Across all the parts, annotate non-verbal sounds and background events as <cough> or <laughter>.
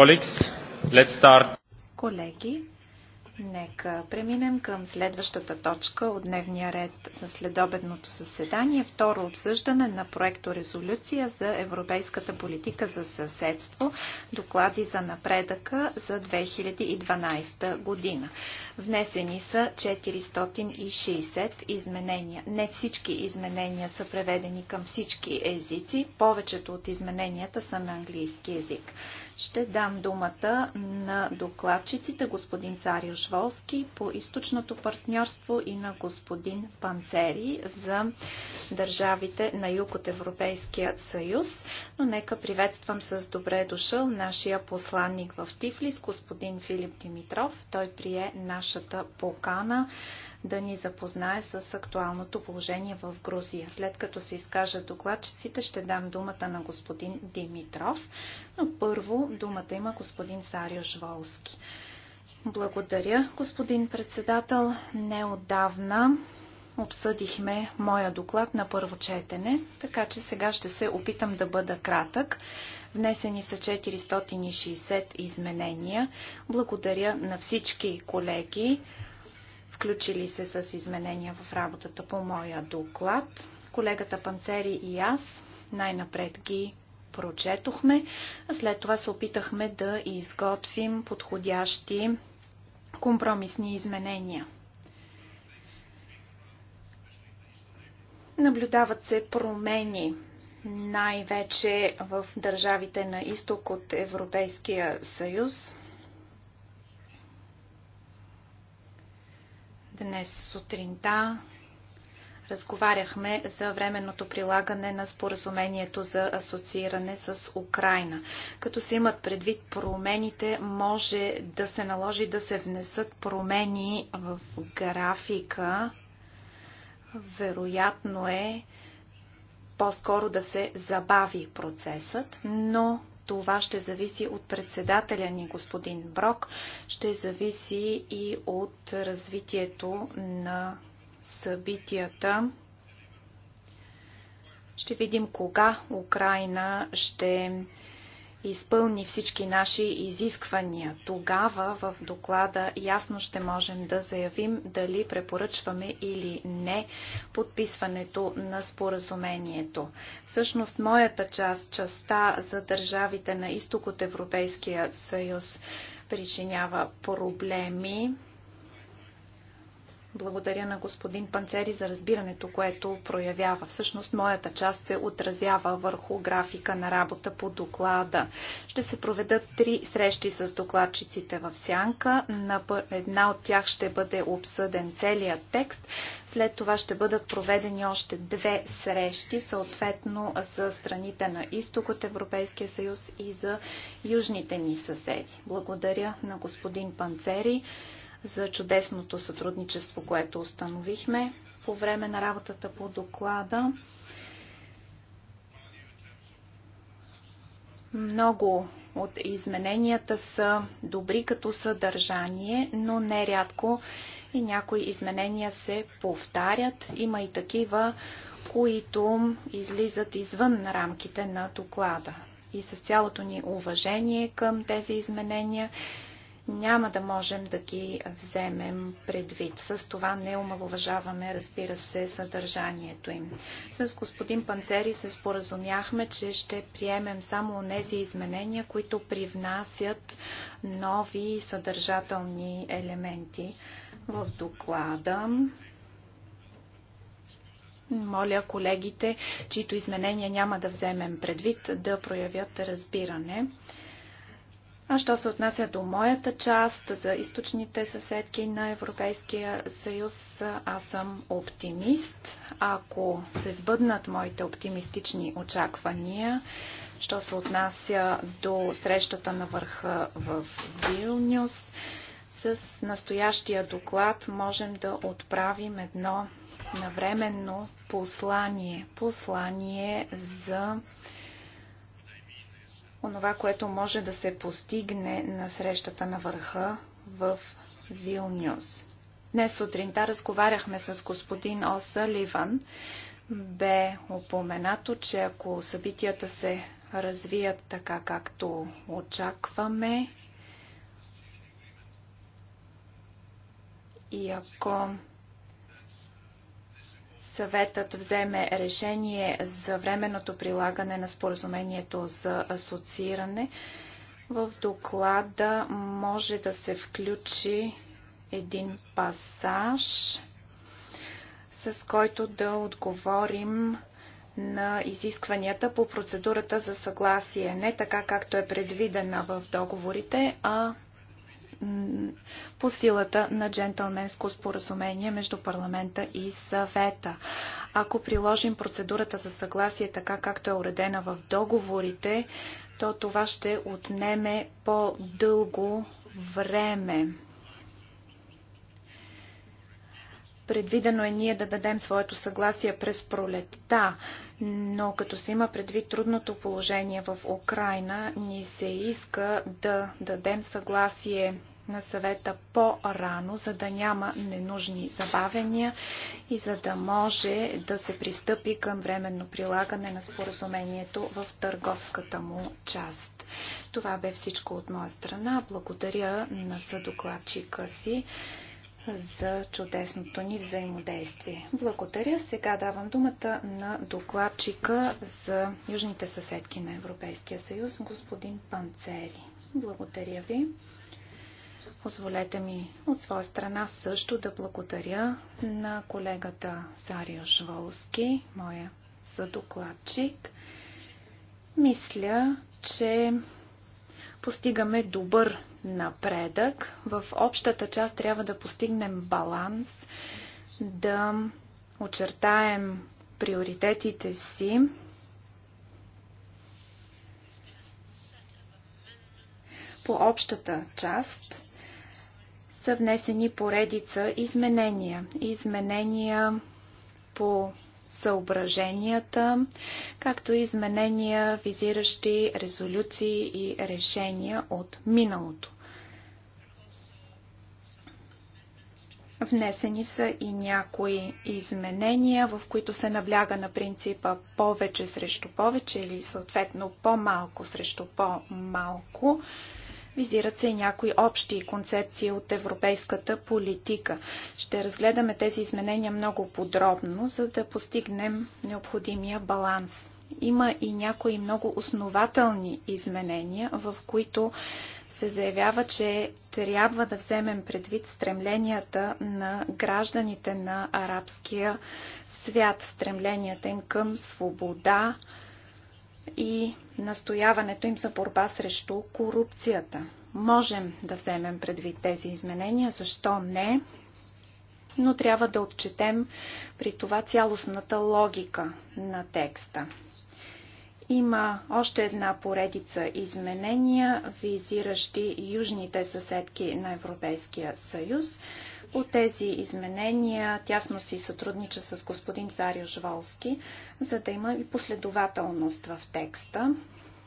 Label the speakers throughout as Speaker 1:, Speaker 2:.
Speaker 1: colleagues, let's start.
Speaker 2: Колеги, нека преминем към следващата точка от дневния ред за следобедното съседание. Второ обсъждане на проекто резолюция за европейската политика за съседство, доклади за напредъка за 2012 година. Внесени са 460 изменения. Не всички изменения са преведени към всички езици. Повечето от измененията са на английски език. Ще дам думата на докладчиците господин Цариош Волски по източното партньорство и на господин Панцери за държавите на юг от Европейския съюз. Но нека приветствам с добре дошъл нашия посланник в Тифлис, господин Филип Димитров. Той прие на нашата покана да ни запознае с актуалното положение в Грузия. След като се изкажат докладчиците, ще дам думата на господин Димитров, но първо думата има господин Сарио Жволски. Благодаря, господин председател. Неодавна обсъдихме моя доклад на първо четене, така че сега ще се опитам да бъда кратък. Внесени са 460 изменения. Благодаря на всички колеги, включили се с изменения в работата по моя доклад. Колегата Панцери и аз най-напред ги прочетохме, а след това се опитахме да изготвим подходящи компромисни изменения. Наблюдават се промени най-вече в държавите на изток от Европейския съюз. Днес сутринта разговаряхме за временното прилагане на споразумението за асоцииране с Украина. Като се имат предвид промените, може да се наложи да се внесат промени в графика. Вероятно е, по-скоро да се забави процесът, но това ще зависи от председателя ни, господин Брок, ще зависи и от развитието на събитията. Ще видим кога Украина ще изпълни всички наши изисквания. Тогава в доклада ясно ще можем да заявим дали препоръчваме или не подписването на споразумението. Всъщност моята част, частта за държавите на изток от Европейския съюз, причинява проблеми. Благодаря на господин Панцери за разбирането, което проявява. Всъщност, моята част се отразява върху графика на работа по доклада. Ще се проведат три срещи с докладчиците в Сянка. На една от тях ще бъде обсъден целият текст. След това ще бъдат проведени още две срещи, съответно за страните на изток от Европейския съюз и за южните ни съседи. Благодаря на господин Панцери за чудесното сътрудничество, което установихме по време на работата по доклада. Много от измененията са добри като съдържание, но нерядко и някои изменения се повтарят. Има и такива, които излизат извън рамките на доклада. И с цялото ни уважение към тези изменения, няма да можем да ги вземем предвид. С това не омалуважаваме, разбира се, съдържанието им. С господин Панцери се споразумяхме, че ще приемем само тези изменения, които привнасят нови съдържателни елементи в доклада. Моля колегите, чието изменения няма да вземем предвид, да проявят разбиране. А що се отнася до моята част, за източните съседки на Европейския съюз, аз съм оптимист. Ако се сбъднат моите оптимистични очаквания, що се отнася до срещата на върха в Вилнюс, с настоящия доклад можем да отправим едно навременно послание. Послание за онова, което може да се постигне на срещата на върха в Вилнюс. Днес сутринта разговаряхме с господин Оса Ливан. Бе упоменато, че ако събитията се развият така, както очакваме, и ако съветът вземе решение за временното прилагане на споразумението за асоцииране, в доклада може да се включи един пасаж, с който да отговорим на изискванията по процедурата за съгласие. Не така, както е предвидена в договорите, а по силата на джентълменско споразумение между парламента и съвета. Ако приложим процедурата за съгласие така както е уредена в договорите, то това ще отнеме по-дълго време. Предвидено е ние да дадем своето съгласие през пролетта, но като се има предвид трудното положение в Украина, ни се иска да дадем съгласие на съвета по-рано, за да няма ненужни забавения и за да може да се пристъпи към временно прилагане на споразумението в търговската му част. Това бе всичко от моя страна. Благодаря на съдокладчика си за чудесното ни взаимодействие. Благодаря. Сега давам думата на докладчика за южните съседки на Европейския съюз, господин Панцери. Благодаря ви. Позволете ми от своя страна също да благодаря на колегата Сариош Волски, моя съдокладчик. Мисля, че постигаме добър напредък. В общата част трябва да постигнем баланс, да очертаем приоритетите си, по общата част са внесени поредица изменения. Изменения по съображенията, както и изменения, визиращи резолюции и решения от миналото. Внесени са и някои изменения, в които се набляга на принципа повече срещу повече или съответно по-малко срещу по-малко. Визират се и някои общи концепции от европейската политика. Ще разгледаме тези изменения много подробно, за да постигнем необходимия баланс. Има и някои много основателни изменения, в които се заявява, че трябва да вземем предвид стремленията на гражданите на арабския свят, стремленията им към свобода и настояването им за борба срещу корупцията. Можем да вземем предвид тези изменения, защо не, но трябва да отчетем при това цялостната логика на текста. Има още една поредица изменения, визиращи южните съседки на Европейския съюз. От тези изменения тясно си сътруднича с господин Зарио Жволски, за да има и последователност в текста.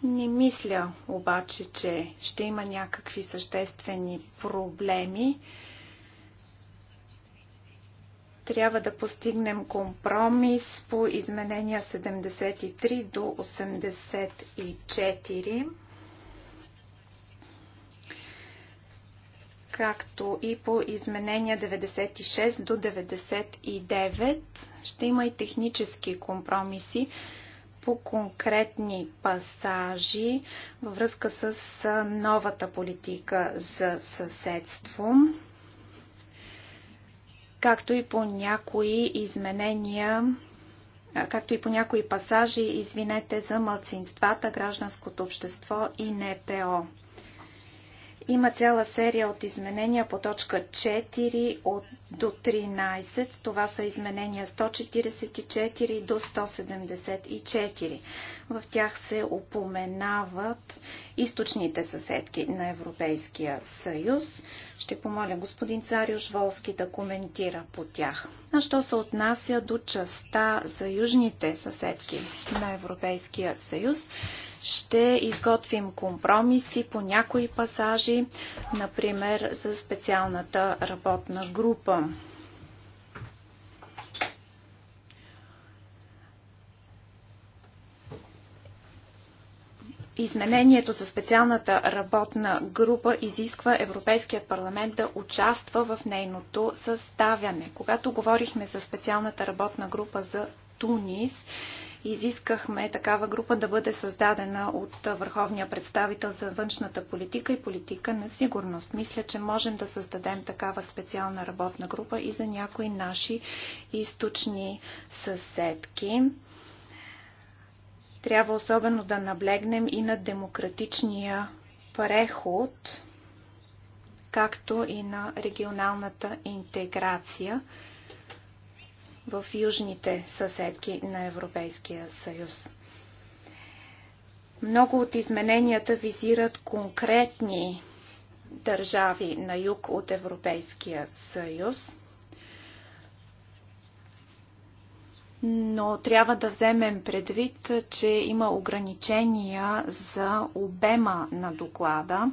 Speaker 2: Не мисля обаче, че ще има някакви съществени проблеми трябва да постигнем компромис по изменения 73 до 84, както и по изменения 96 до 99. Ще има и технически компромиси по конкретни пасажи във връзка с новата политика за съседство както и по някои изменения, както и по някои пасажи, извинете, за мълцинствата, гражданското общество и НПО. Има цяла серия от изменения по точка 4 от, до 13. Това са изменения 144 до 174. В тях се упоменават източните съседки на Европейския съюз. Ще помоля господин Цариуш Волски да коментира по тях. А що се отнася до частта за южните съседки на Европейския съюз, ще изготвим компромиси по някои пасажи, например за специалната работна група. Изменението за специалната работна група изисква Европейският парламент да участва в нейното съставяне. Когато говорихме за специалната работна група за Тунис, изискахме такава група да бъде създадена от Върховния представител за външната политика и политика на сигурност. Мисля, че можем да създадем такава специална работна група и за някои наши източни съседки. Трябва особено да наблегнем и на демократичния преход, както и на регионалната интеграция – в южните съседки на Европейския съюз. Много от измененията визират конкретни държави на юг от Европейския съюз, но трябва да вземем предвид, че има ограничения за обема на доклада.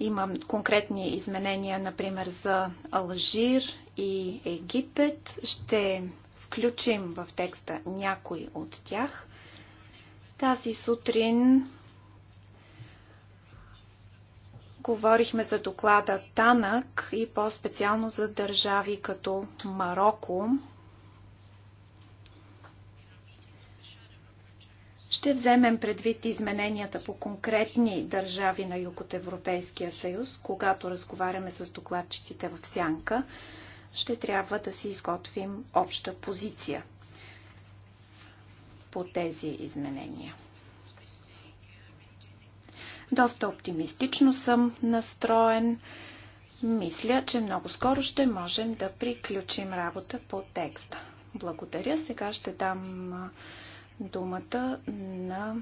Speaker 2: Има конкретни изменения, например, за Алжир и Египет. Ще включим в текста някой от тях. Тази сутрин говорихме за доклада Танък и по-специално за държави като Марокко. Ще вземем предвид измененията по конкретни държави на юг от Европейския съюз, когато разговаряме с докладчиците в Сянка. Ще трябва да си изготвим обща позиция по тези изменения. Доста оптимистично съм настроен. Мисля, че много скоро ще можем да приключим работа по текста. Благодаря. Сега ще дам думата на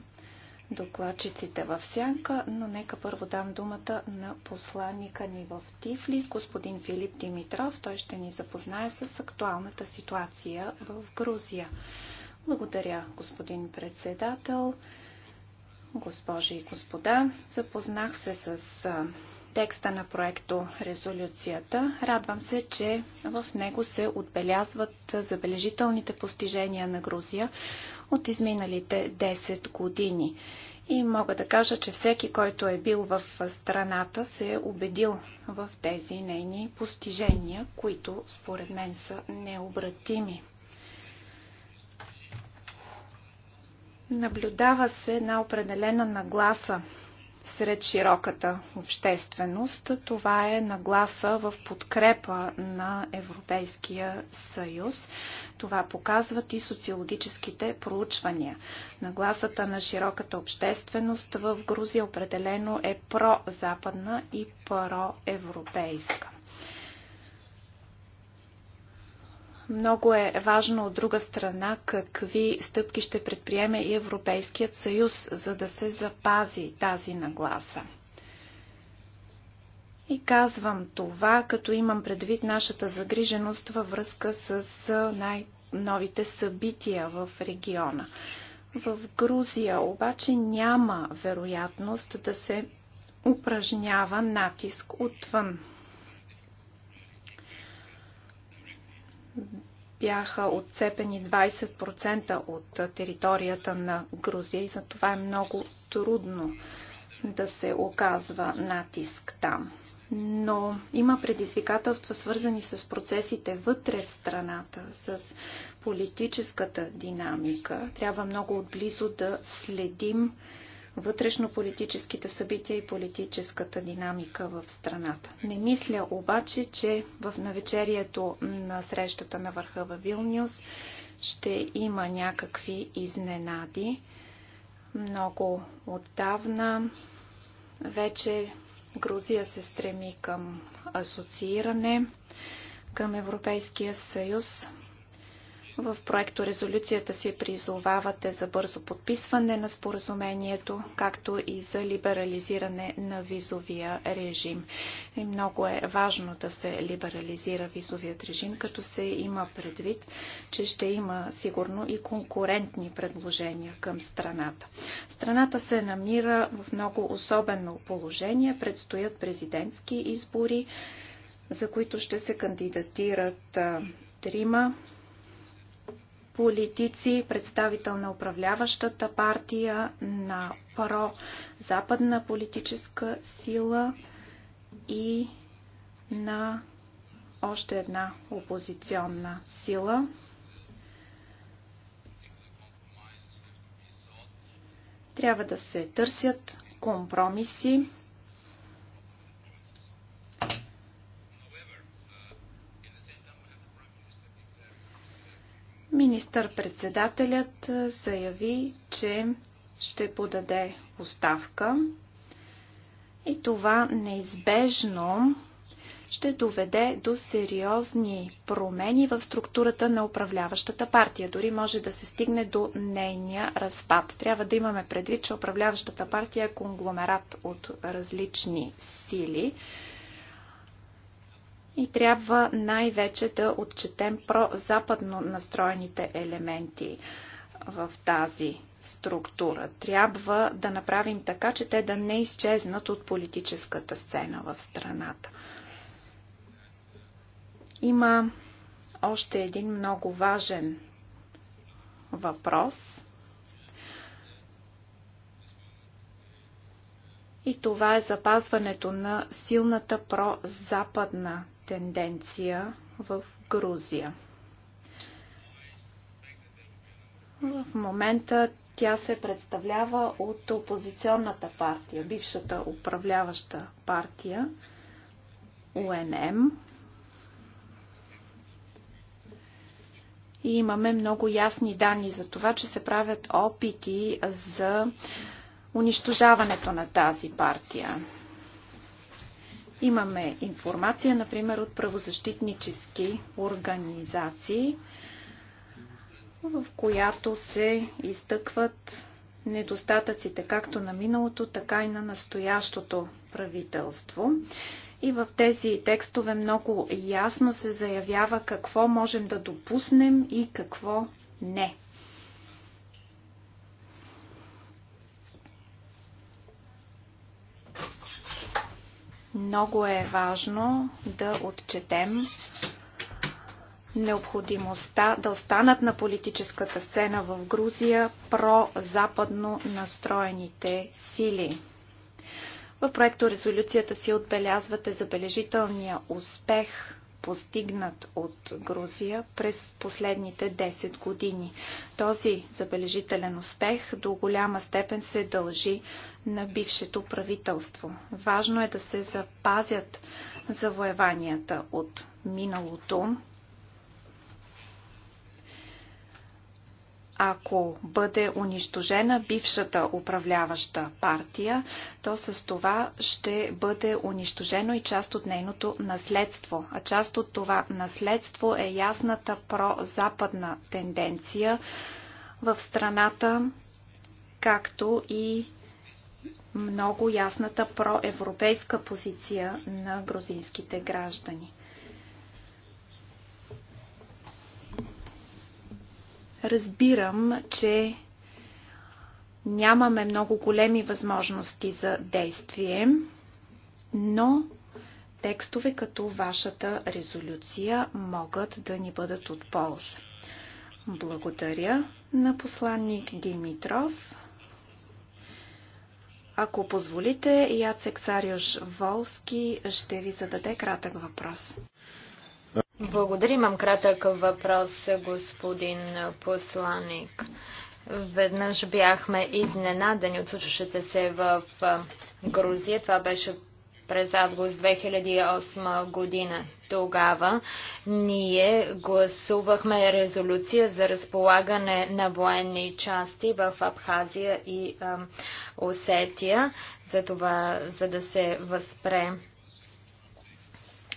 Speaker 2: докладчиците в сянка, но нека първо дам думата на посланника ни в Тифлис, господин Филип Димитров. Той ще ни запознае с актуалната ситуация в Грузия. Благодаря, господин председател, госпожи и господа. Запознах се с текста на проекто резолюцията. Радвам се, че в него се отбелязват забележителните постижения на Грузия от изминалите 10 години. И мога да кажа, че всеки, който е бил в страната, се е убедил в тези нейни постижения, които според мен са необратими. Наблюдава се една определена нагласа сред широката общественост. Това е нагласа в подкрепа на Европейския съюз. Това показват и социологическите проучвания. Нагласата на широката общественост в Грузия определено е прозападна и проевропейска. Много е важно от друга страна какви стъпки ще предприеме и Европейският съюз, за да се запази тази нагласа. И казвам това, като имам предвид нашата загриженост във връзка с най-новите събития в региона. В Грузия обаче няма вероятност да се упражнява натиск отвън. бяха отцепени 20% от територията на Грузия и за това е много трудно да се оказва натиск там. Но има предизвикателства, свързани с процесите вътре в страната, с политическата динамика. Трябва много отблизо да следим Вътрешно политическите събития и политическата динамика в страната. Не мисля обаче, че в навечерието на срещата на върха в Вилнюс ще има някакви изненади. Много отдавна вече Грузия се стреми към асоцииране към Европейския съюз. В проекто резолюцията си призовавате за бързо подписване на споразумението, както и за либерализиране на визовия режим. И много е важно да се либерализира визовият режим, като се има предвид, че ще има сигурно и конкурентни предложения към страната. Страната се намира в много особено положение. Предстоят президентски избори, за които ще се кандидатират трима политици, представител на управляващата партия, на про-западна политическа сила и на още една опозиционна сила. Трябва да се търсят компромиси, Министър-председателят заяви, че ще подаде оставка и това неизбежно ще доведе до сериозни промени в структурата на управляващата партия. Дори може да се стигне до нейния разпад. Трябва да имаме предвид, че управляващата партия е конгломерат от различни сили и трябва най-вече да отчетем прозападно настроените елементи в тази структура. Трябва да направим така, че те да не изчезнат от политическата сцена в страната. Има още един много важен въпрос. И това е запазването на силната прозападна тенденция в Грузия. В момента тя се представлява от опозиционната партия, бившата управляваща партия УНМ. И имаме много ясни данни за това, че се правят опити за унищожаването на тази партия. Имаме информация, например, от правозащитнически организации, в която се изтъкват недостатъците както на миналото, така и на настоящото правителство. И в тези текстове много ясно се заявява какво можем да допуснем и какво не. Много е важно да отчетем необходимостта да останат на политическата сцена в Грузия про-западно настроените сили. В проекто резолюцията си отбелязвате забележителния успех постигнат от Грузия през последните 10 години. Този забележителен успех до голяма степен се дължи на бившето правителство. Важно е да се запазят завоеванията от миналото, Ако бъде унищожена бившата управляваща партия, то с това ще бъде унищожено и част от нейното наследство. А част от това наследство е ясната прозападна тенденция в страната, както и много ясната проевропейска позиция на грузинските граждани. Разбирам, че нямаме много големи възможности за действие, но текстове като вашата резолюция могат да ни бъдат от полза. Благодаря на посланник Димитров. Ако
Speaker 3: позволите, Яцек Сариош Волски ще ви зададе кратък въпрос. Благодаря. Имам кратък въпрос, господин посланник. Веднъж бяхме изненадани от случващите се в Грузия. Това беше през август 2008 година. Тогава ние гласувахме резолюция за разполагане на военни части в Абхазия и Осетия, за, това, за да се възпре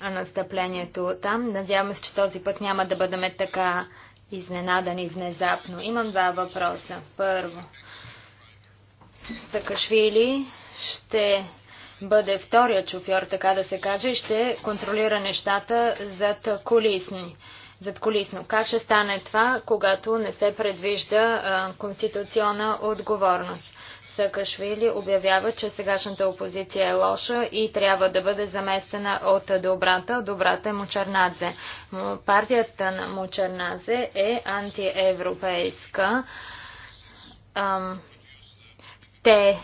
Speaker 3: настъплението там. Надяваме се, че този път няма да бъдем така изненадани внезапно. Имам два въпроса. Първо, Сакашвили ще бъде втория шофьор, така да се каже, и ще контролира нещата зад колисни. Зад колисно. Как ще стане това, когато не се предвижда конституционна отговорност? Саакашвили обявява, че сегашната опозиция е лоша и трябва да бъде заместена от добрата. Добрата е Мочернадзе. Партията на Мочернадзе е антиевропейска. Те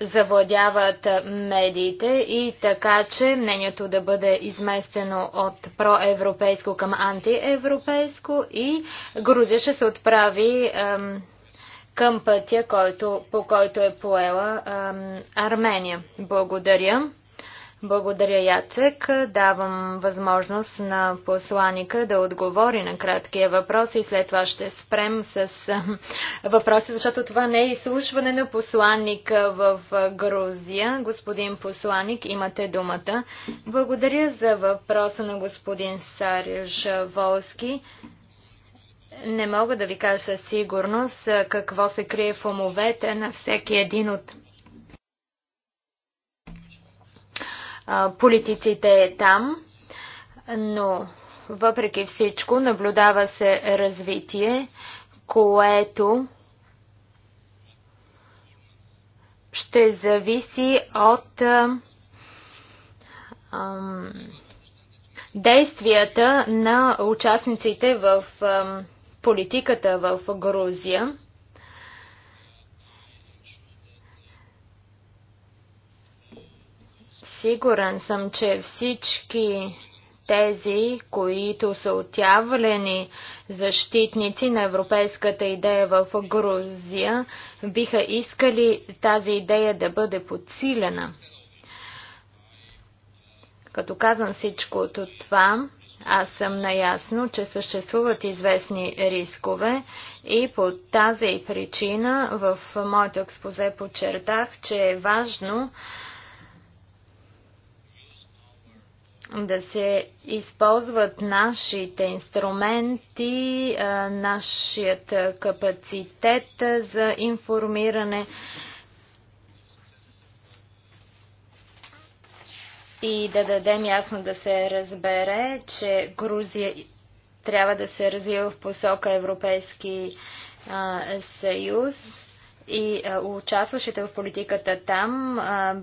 Speaker 3: завладяват медиите и така, че мнението да бъде изместено от проевропейско към антиевропейско и Грузия ще се отправи ем, към пътя, който, по който е поела а, Армения. Благодаря. Благодаря, Яцек. Давам възможност на посланика да отговори на краткия въпрос и след това ще спрем с въпроси, защото това не е изслушване на посланника в Грузия. Господин посланник, имате думата. Благодаря за въпроса на господин Сариш Волски. Не мога да ви кажа със сигурност какво се крие в умовете на всеки един от политиците е там, но въпреки всичко наблюдава се развитие, което ще зависи от действията на участниците в политиката в Грузия. Сигурен съм, че всички тези, които са отявлени защитници на европейската идея в Грузия, биха искали тази идея да бъде подсилена. Като казвам от това, аз съм наясно, че съществуват известни рискове и по тази причина в моето експозе подчертах, че е важно да се използват нашите инструменти, нашият капацитет за информиране, и да дадем ясно да се разбере, че Грузия трябва да се развива в посока Европейски а, съюз и а, участващите в политиката там, а,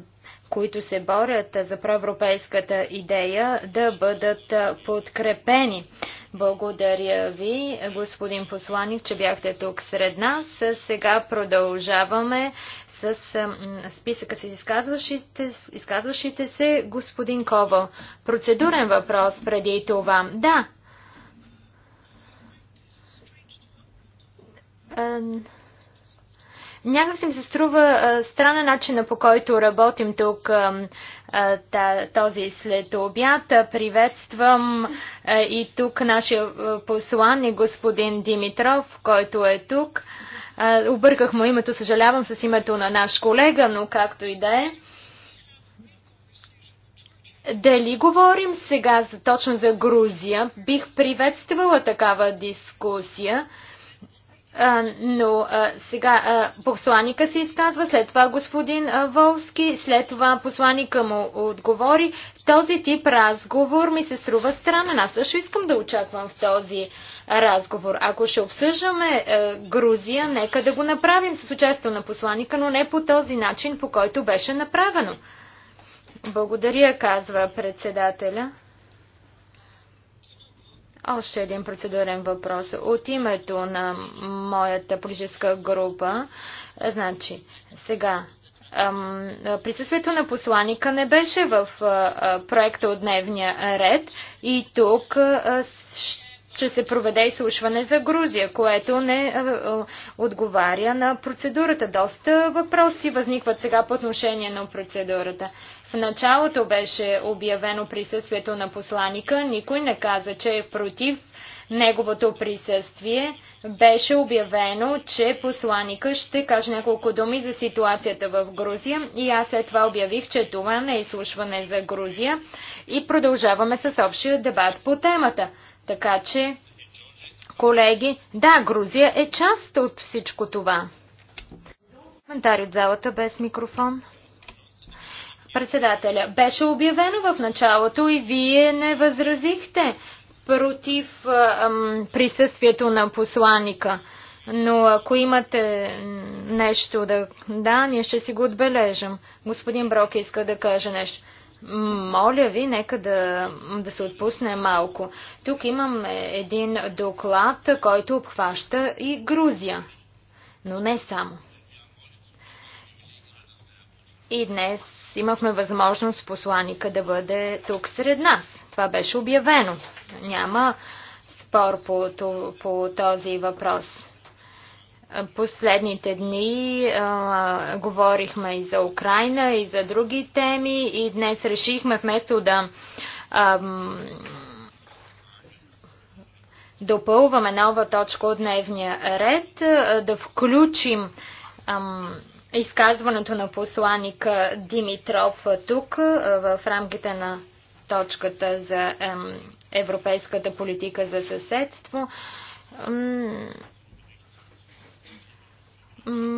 Speaker 3: които се борят за проевропейската идея, да бъдат подкрепени. Благодаря ви, господин посланик, че бяхте тук сред нас. Сега продължаваме с списъка с изказващите, изказващите се господин Кобо. Процедурен въпрос преди това. Да. Някак си ми се струва странен начина по който работим тук този след обяд. Приветствам и тук нашия посланник е господин Димитров, който е тук обърках му името, съжалявам с името на наш колега, но както и да е. Дали говорим сега за, точно за Грузия? Бих приветствала такава дискусия. А, но а, сега а, посланика се изказва, след това господин а, Волски, след това посланика му отговори, този тип разговор ми се струва странен. Аз също искам да очаквам в този разговор. Ако ще обсъждаме е, Грузия, нека да го направим с участието на посланика, но не по този начин, по който беше направено. Благодаря, казва председателя. Още един процедурен въпрос. От името на моята политическа група, значи, сега присъствието на посланика не беше в проекта от дневния ред и тук ще се проведе изслушване за Грузия, което не отговаря на процедурата. Доста въпроси възникват сега по отношение на процедурата. В началото беше обявено присъствието на посланика, никой не каза, че е против неговото присъствие, беше обявено, че посланика ще каже няколко думи за ситуацията в Грузия и аз след това обявих, че това не е изслушване за Грузия и продължаваме с общия дебат по темата. Така че, колеги, да, Грузия е част от всичко това. Коментар от залата без микрофон. Председателя, беше обявено в началото и вие не възразихте против присъствието на посланника. Но ако имате нещо да... Да, ние ще си го отбележим. Господин Брок иска да каже нещо. Моля ви, нека да, да се отпусне малко. Тук имам един доклад, който обхваща и Грузия. Но не само. И днес имахме възможност посланика да бъде тук сред нас. Това беше обявено. Няма спор по, по, по този въпрос. Последните дни а, говорихме и за Украина, и за други теми, и днес решихме вместо да а, допълваме нова точка от дневния ред, да включим а, изказването на посланика Димитров тук в рамките на точката за европейската политика за съседство.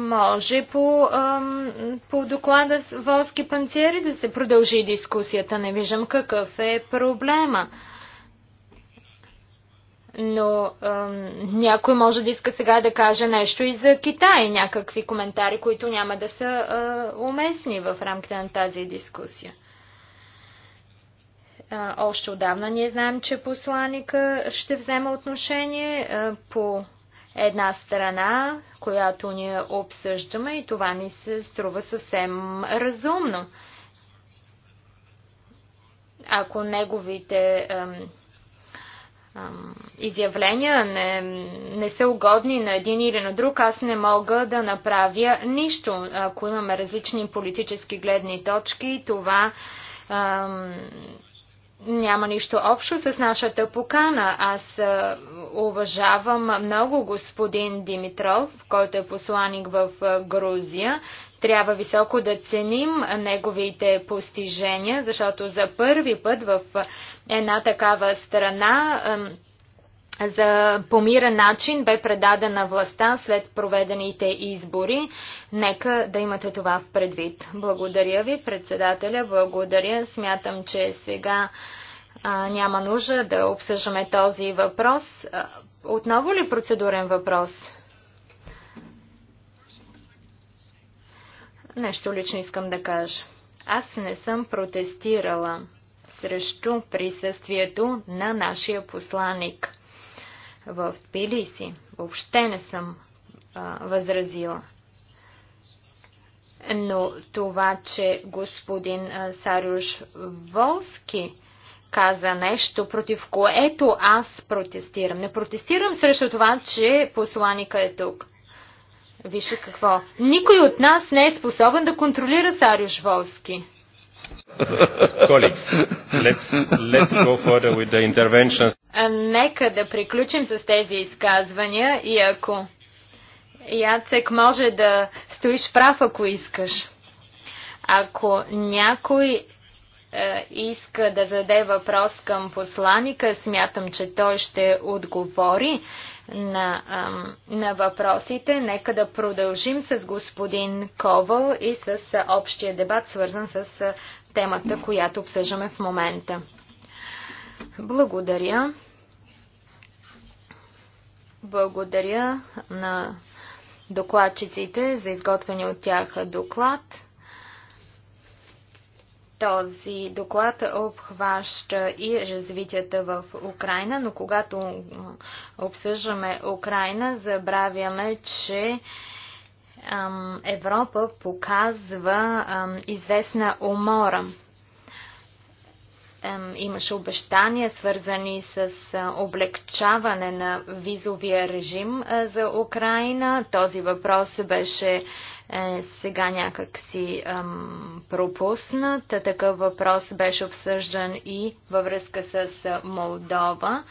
Speaker 3: Може по, по доклада с Волски панциери да се продължи дискусията. Не виждам какъв е проблема. Но някой може да иска сега да каже нещо и за Китай, някакви коментари, които няма да са уместни в рамките на тази дискусия. Още отдавна ние знаем, че посланика ще взема отношение по една страна, която ние обсъждаме и това ни се струва съвсем разумно. Ако неговите ам, ам, изявления не, не са угодни на един или на друг, аз не мога да направя нищо. Ако имаме различни политически гледни точки, това ам, няма нищо общо с нашата покана. Аз е, уважавам много господин Димитров, който е посланик в е, Грузия. Трябва високо да ценим неговите постижения, защото за първи път в е, една такава страна за помирен начин бе предадена властта след проведените избори. Нека да имате това в предвид. Благодаря ви, председателя. Благодаря. Смятам, че сега а, няма нужда да обсъждаме този въпрос. Отново ли процедурен въпрос? Нещо лично искам да кажа. Аз не съм протестирала срещу присъствието на нашия посланник в Тбилиси. Въобще не съм а, възразила. Но това, че господин Сарюш Волски каза нещо, против което аз протестирам. Не протестирам срещу това, че посланика е тук. Вижте какво. Никой от нас не е способен да контролира Сарюш Волски.
Speaker 1: Colleagues, let's, let's go further with the interventions.
Speaker 3: Нека да приключим с тези изказвания и ако Яцек може да стоиш прав, ако искаш. Ако някой е, иска да заде въпрос към посланика, смятам, че той ще отговори на, е, на въпросите. Нека да продължим с господин Ковал и с общия дебат, свързан с е, темата, която обсъждаме в момента. Благодаря. Благодаря на докладчиците за изготвяне от тях доклад. Този доклад обхваща и развитията в Украина, но когато обсъждаме Украина, забравяме, че Европа показва известна умора имаше обещания, свързани с облегчаване на визовия режим за Украина. Този въпрос беше е, сега някакси пропуснат. Такъв въпрос беше обсъждан и във връзка с Молдова.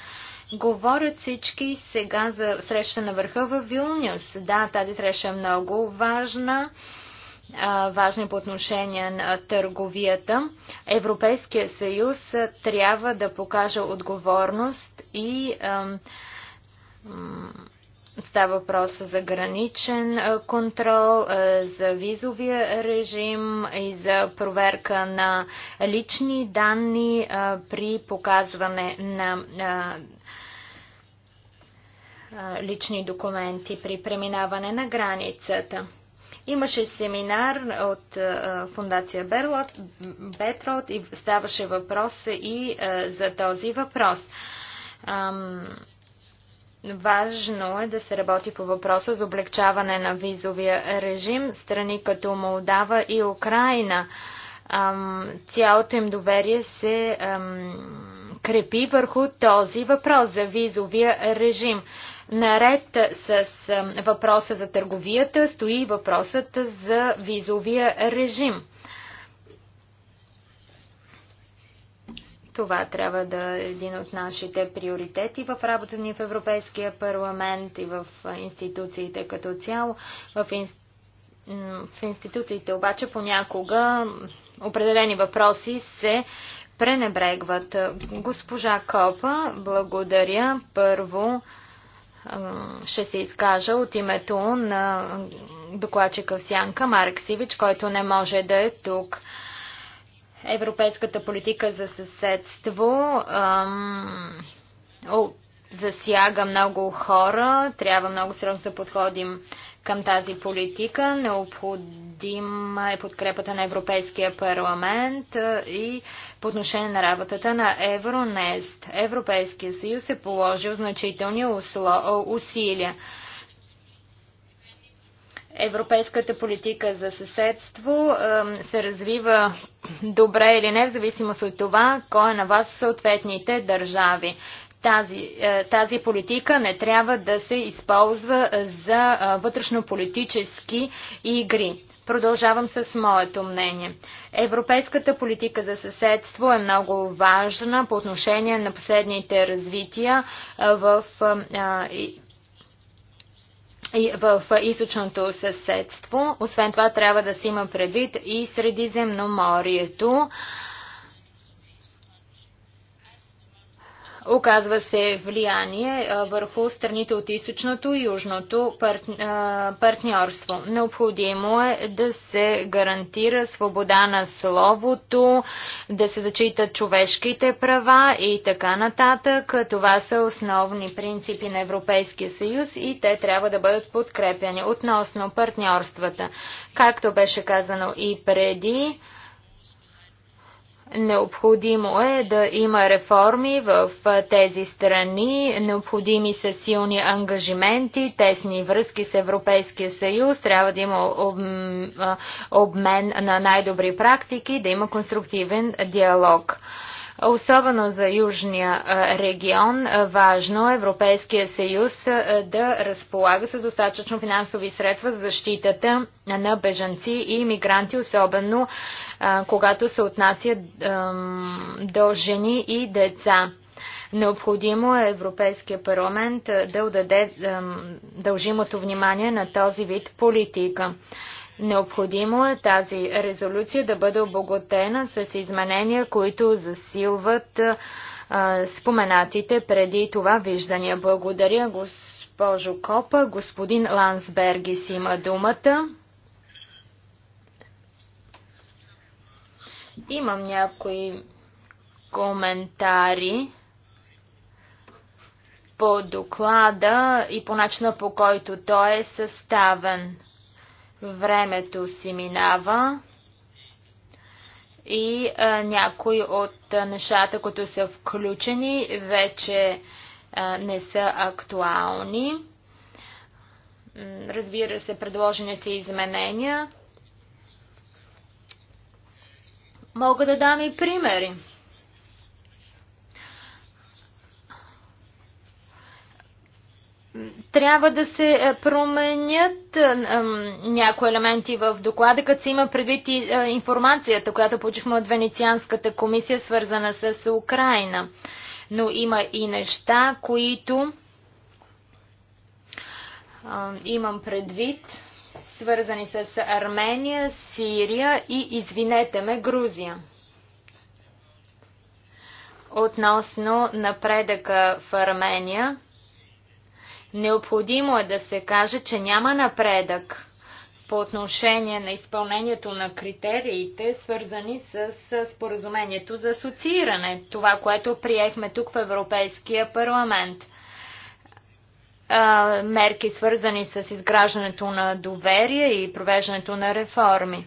Speaker 3: Говорят всички сега за среща на върха в Вилнюс. Да, тази среща е много важна важни по отношение на търговията. Европейския съюз трябва да покаже отговорност и става въпрос за граничен контрол, за визовия режим и за проверка на лични данни при показване на лични документи при преминаване на границата. Имаше семинар от фундация Берлот, Бетрот и ставаше въпрос и за този въпрос. Важно е да се работи по въпроса за облегчаване на визовия режим. Страни като Молдава и Украина. Цялото им доверие се крепи върху този въпрос за визовия режим. Наред с въпроса за търговията стои въпросът за визовия режим. Това трябва да е един от нашите приоритети в работата ни в Европейския парламент и в институциите като цяло. В, ин... в институциите обаче понякога определени въпроси се пренебрегват. Госпожа Копа, благодаря първо ще се изкажа от името на докладчика в Сянка Марк Сивич, който не може да е тук. Европейската политика за съседство ам, о, засяга много хора. Трябва много сериозно да подходим към тази политика. Необходима е подкрепата на Европейския парламент и по отношение на работата на Евронест. Европейския съюз е положил значителни усилия. Европейската политика за съседство се развива добре или не, в зависимост от това, кой е на вас съответните държави. Тази, е, тази политика не трябва да се използва е, за е, вътрешнополитически игри. Продължавам с моето мнение. Европейската политика за съседство е много важна по отношение на последните развития в, в източното съседство. Освен това трябва да се има предвид и Средиземноморието. морието Оказва се влияние върху страните от източното и южното партньорство. Необходимо е да се гарантира свобода на словото, да се зачитат човешките права и така нататък. Това са основни принципи на Европейския съюз и те трябва да бъдат подкрепяни относно партньорствата. Както беше казано и преди, Необходимо е да има реформи в тези страни, необходими са силни ангажименти, тесни връзки с Европейския съюз, трябва да има обмен на най-добри практики, да има конструктивен диалог. Особено за Южния регион важно е Европейския съюз да разполага с достатъчно финансови средства за защитата на бежанци и мигранти, особено когато се отнасят до жени и деца. Необходимо е Европейския парламент да отдаде дължимото внимание на този вид политика. Необходимо е тази резолюция да бъде обоготена с изменения, които засилват а, споменатите преди това виждания. Благодаря, госпожо Копа. Господин Лансбергис има думата. Имам някои коментари по доклада и по начина по който той е съставен. Времето си минава и а, някои от нещата, които са включени, вече а, не са актуални. Разбира се, предложени са изменения. Мога да дам и примери. трябва да се е, променят е, някои елементи в доклада, като се има предвид и е, информацията, която получихме от Венецианската комисия, свързана с Украина. Но има и неща, които имам предвид, свързани с Армения, Сирия и, извинете ме, Грузия. Относно напредъка в Армения – Необходимо е да се каже, че няма напредък по отношение на изпълнението на критериите, свързани с споразумението за асоцииране, това, което приехме тук в Европейския парламент. Мерки свързани с изграждането на доверие и провеждането на реформи.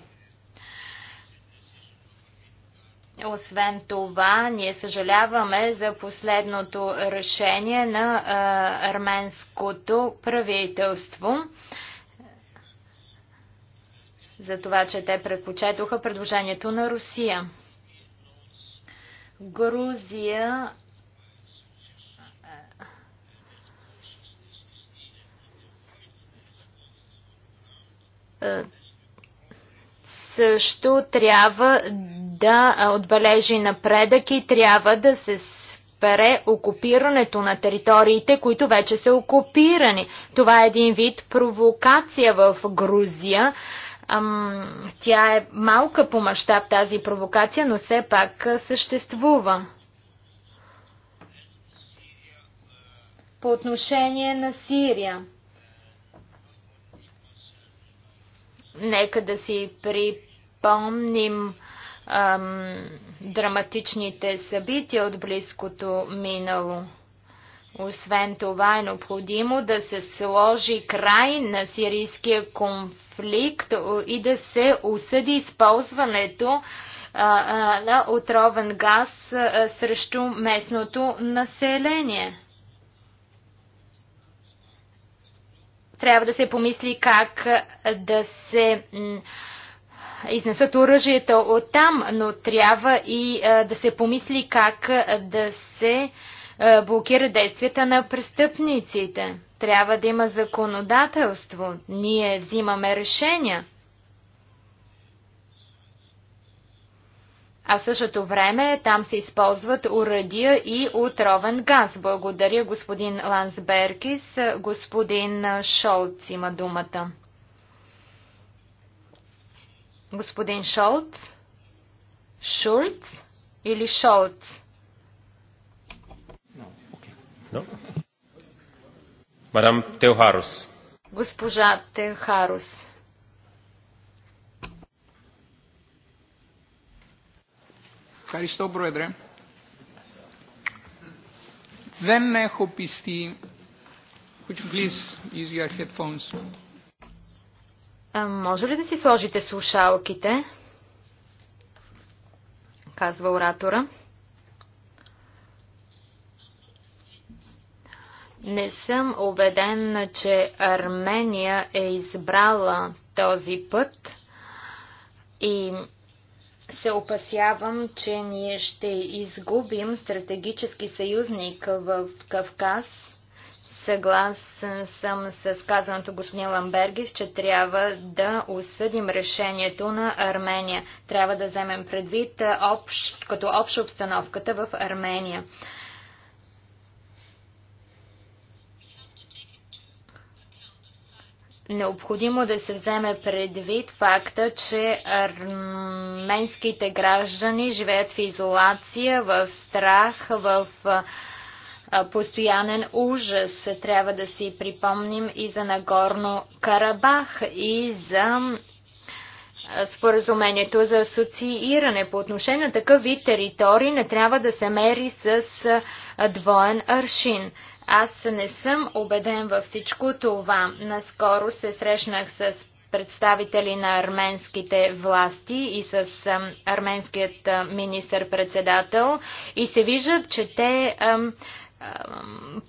Speaker 3: Освен това, ние съжаляваме за последното решение на арменското правителство за това, че те предпочетоха предложението на Русия. Грузия също трябва да отбележи напредък и трябва да се спре окупирането на териториите, които вече са окупирани. Това е един вид провокация в Грузия. Ам, тя е малка по мащаб тази провокация, но все пак съществува. По отношение на Сирия. Нека да си припомним ам, драматичните събития от близкото минало. Освен това е необходимо да се сложи край на сирийския конфликт и да се осъди използването на отровен газ срещу местното население. Трябва да се помисли как да се изнесат оръжията от там, но трябва и да се помисли как да се блокира действията на престъпниците. Трябва да има законодателство. Ние взимаме решения. А в същото време там се използват урадия и отровен газ. Благодаря господин Лансберкис. Господин Шолц има думата. Господин Шолц? Шулц или Шолц?
Speaker 1: No? Мадам Теохарус.
Speaker 3: Госпожа Теохарус.
Speaker 1: Ευχαριστώ, Πρόεδρε. Δεν έχω πιστεί. Would you please use your headphones?
Speaker 3: Може ли да си сложите слушалките? Казва оратора. Не съм убеден, че Армения е избрала този път и се опасявам, че ние ще изгубим стратегически съюзник в Кавказ Съгласен съм с казаното господин Ламбергис, че трябва да осъдим решението на Армения. Трябва да вземем предвид общ, като обща обстановката в Армения. Необходимо да се вземе предвид факта, че арменските граждани живеят в изолация, в страх, в а, постоянен ужас. Трябва да си припомним и за Нагорно Карабах и за споразумението за асоцииране по отношение на такъв вид територии не трябва да се мери с двоен аршин. Аз не съм убеден във всичко това. Наскоро се срещнах с представители на арменските власти и с арменският министър-председател и се виждат, че те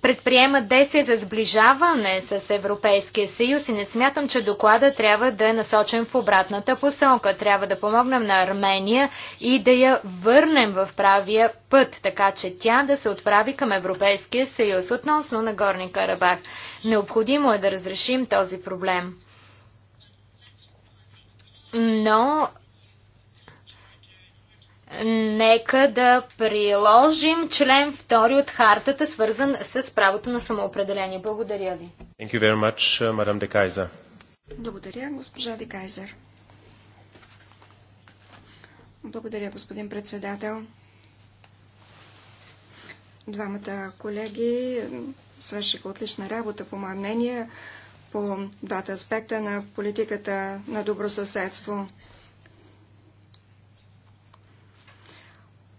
Speaker 3: предприемат действия за сближаване с Европейския съюз и не смятам, че доклада трябва да е насочен в обратната посока. Трябва да помогнем на Армения и да я върнем в правия път, така че тя да се отправи към Европейския съюз относно на Горни Карабах. Необходимо е да разрешим този проблем. Но Нека да приложим член 2 от хартата, свързан с правото на самоопределение. Благодаря ви.
Speaker 1: Thank you very much, uh, Благодаря,
Speaker 4: госпожа Де Кайзер. Благодаря, господин председател. Двамата колеги свършиха отлична работа, по мое мнение, по двата аспекта на политиката на добросъседство.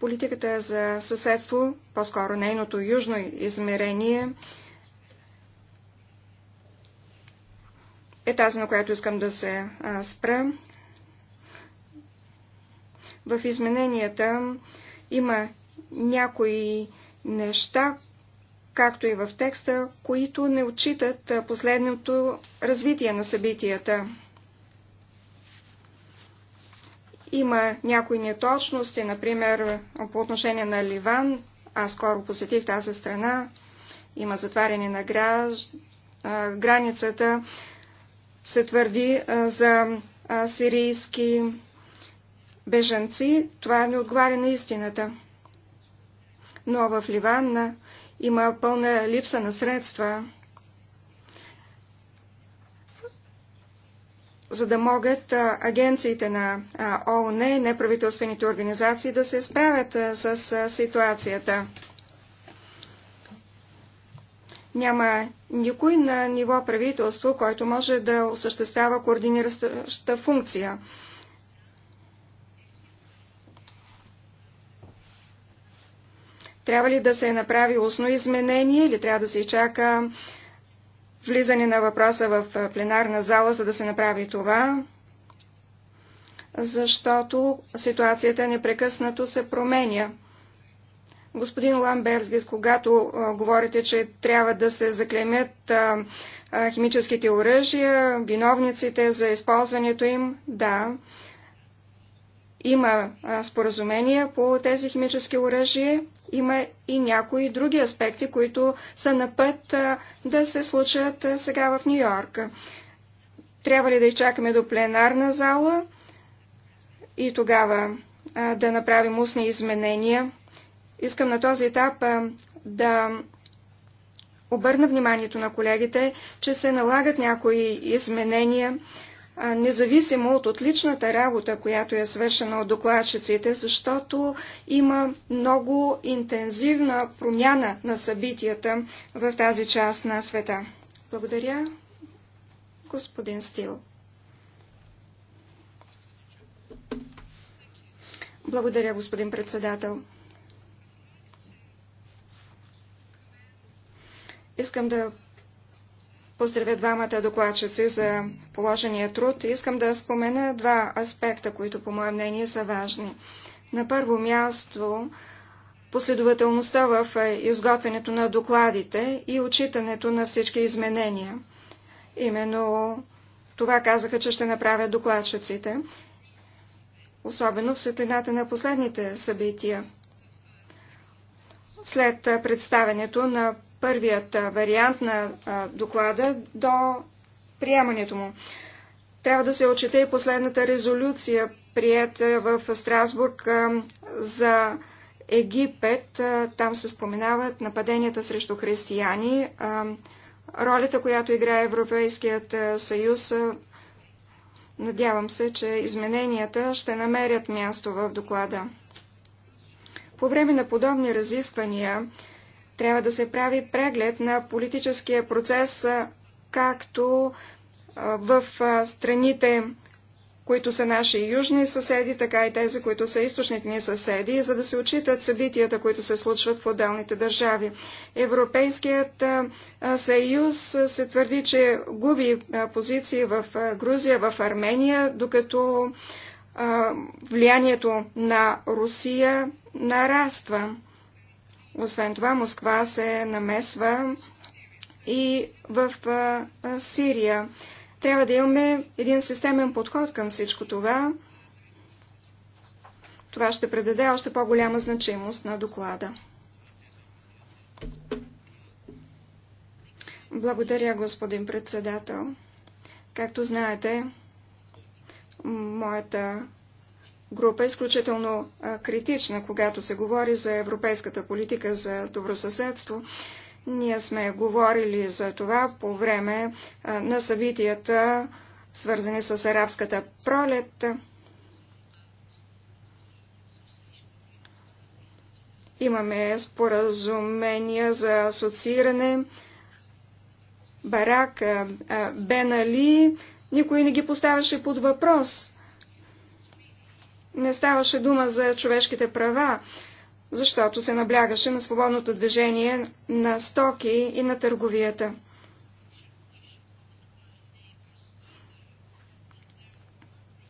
Speaker 4: Политиката за съседство, по-скоро нейното южно измерение, е тази, на която искам да се спра. В измененията има някои неща, както и в текста, които не отчитат последното развитие на събитията. Има някои неточности, например по отношение на Ливан. Аз скоро посетих тази страна. Има затваряне на гражд... границата. Се твърди за сирийски бежанци. Това не отговаря на истината. Но в Ливан има пълна липса на средства за да могат агенциите на ООН и неправителствените организации да се справят с ситуацията. Няма никой на ниво правителство, който може да осъществява координираща функция. Трябва ли да се направи устно изменение или трябва да се изчака? влизане на въпроса в пленарна зала, за да се направи това, защото ситуацията непрекъснато се променя. Господин Ламберзгис, когато а, говорите, че трябва да се заклемят а, а, химическите оръжия, виновниците за използването им, да, има а, споразумения по тези химически оръжия има и някои други аспекти, които са на път да се случат сега в Нью Йорк. Трябва ли да изчакаме до пленарна зала и тогава да направим устни изменения? Искам на този етап да обърна вниманието на колегите, че се налагат някои изменения независимо от отличната работа, която е свършена от докладчиците, защото има много интензивна промяна на събитията в тази част на света. Благодаря, господин Стил. Благодаря, господин председател. Искам да поздравя двамата докладчици за положения труд. Искам да спомена два аспекта, които по мое мнение са важни. На първо място последователността в е, изготвянето на докладите и отчитането на всички изменения. Именно това казаха, че ще направят докладчиците, особено в светлината на последните събития. След е, представенето на първият вариант на доклада до приемането му. Трябва да се отчете и последната резолюция, приета в Страсбург за Египет. Там се споменават нападенията срещу християни, ролята, която играе Европейският съюз. Надявам се, че измененията ще намерят място в доклада. По време на подобни разисквания трябва да се прави преглед на политическия процес, както в страните, които са наши южни съседи, така и тези, които са източните ни съседи, за да се отчитат събитията, които се случват в отделните държави. Европейският съюз се твърди, че губи позиции в Грузия, в Армения, докато влиянието на Русия нараства. Освен това, Москва се намесва и в Сирия. Трябва да имаме един системен подход към всичко това. Това ще предаде още по-голяма значимост на доклада. Благодаря, господин председател. Както знаете, моята група е изключително критична, когато се говори за европейската политика за добросъседство. Ние сме говорили за това по време на събитията, свързани с арабската пролет. Имаме споразумения за асоцииране. Барак, Бен Али, никой не ги поставяше под въпрос не ставаше дума за човешките права, защото се наблягаше на свободното движение на стоки и на търговията.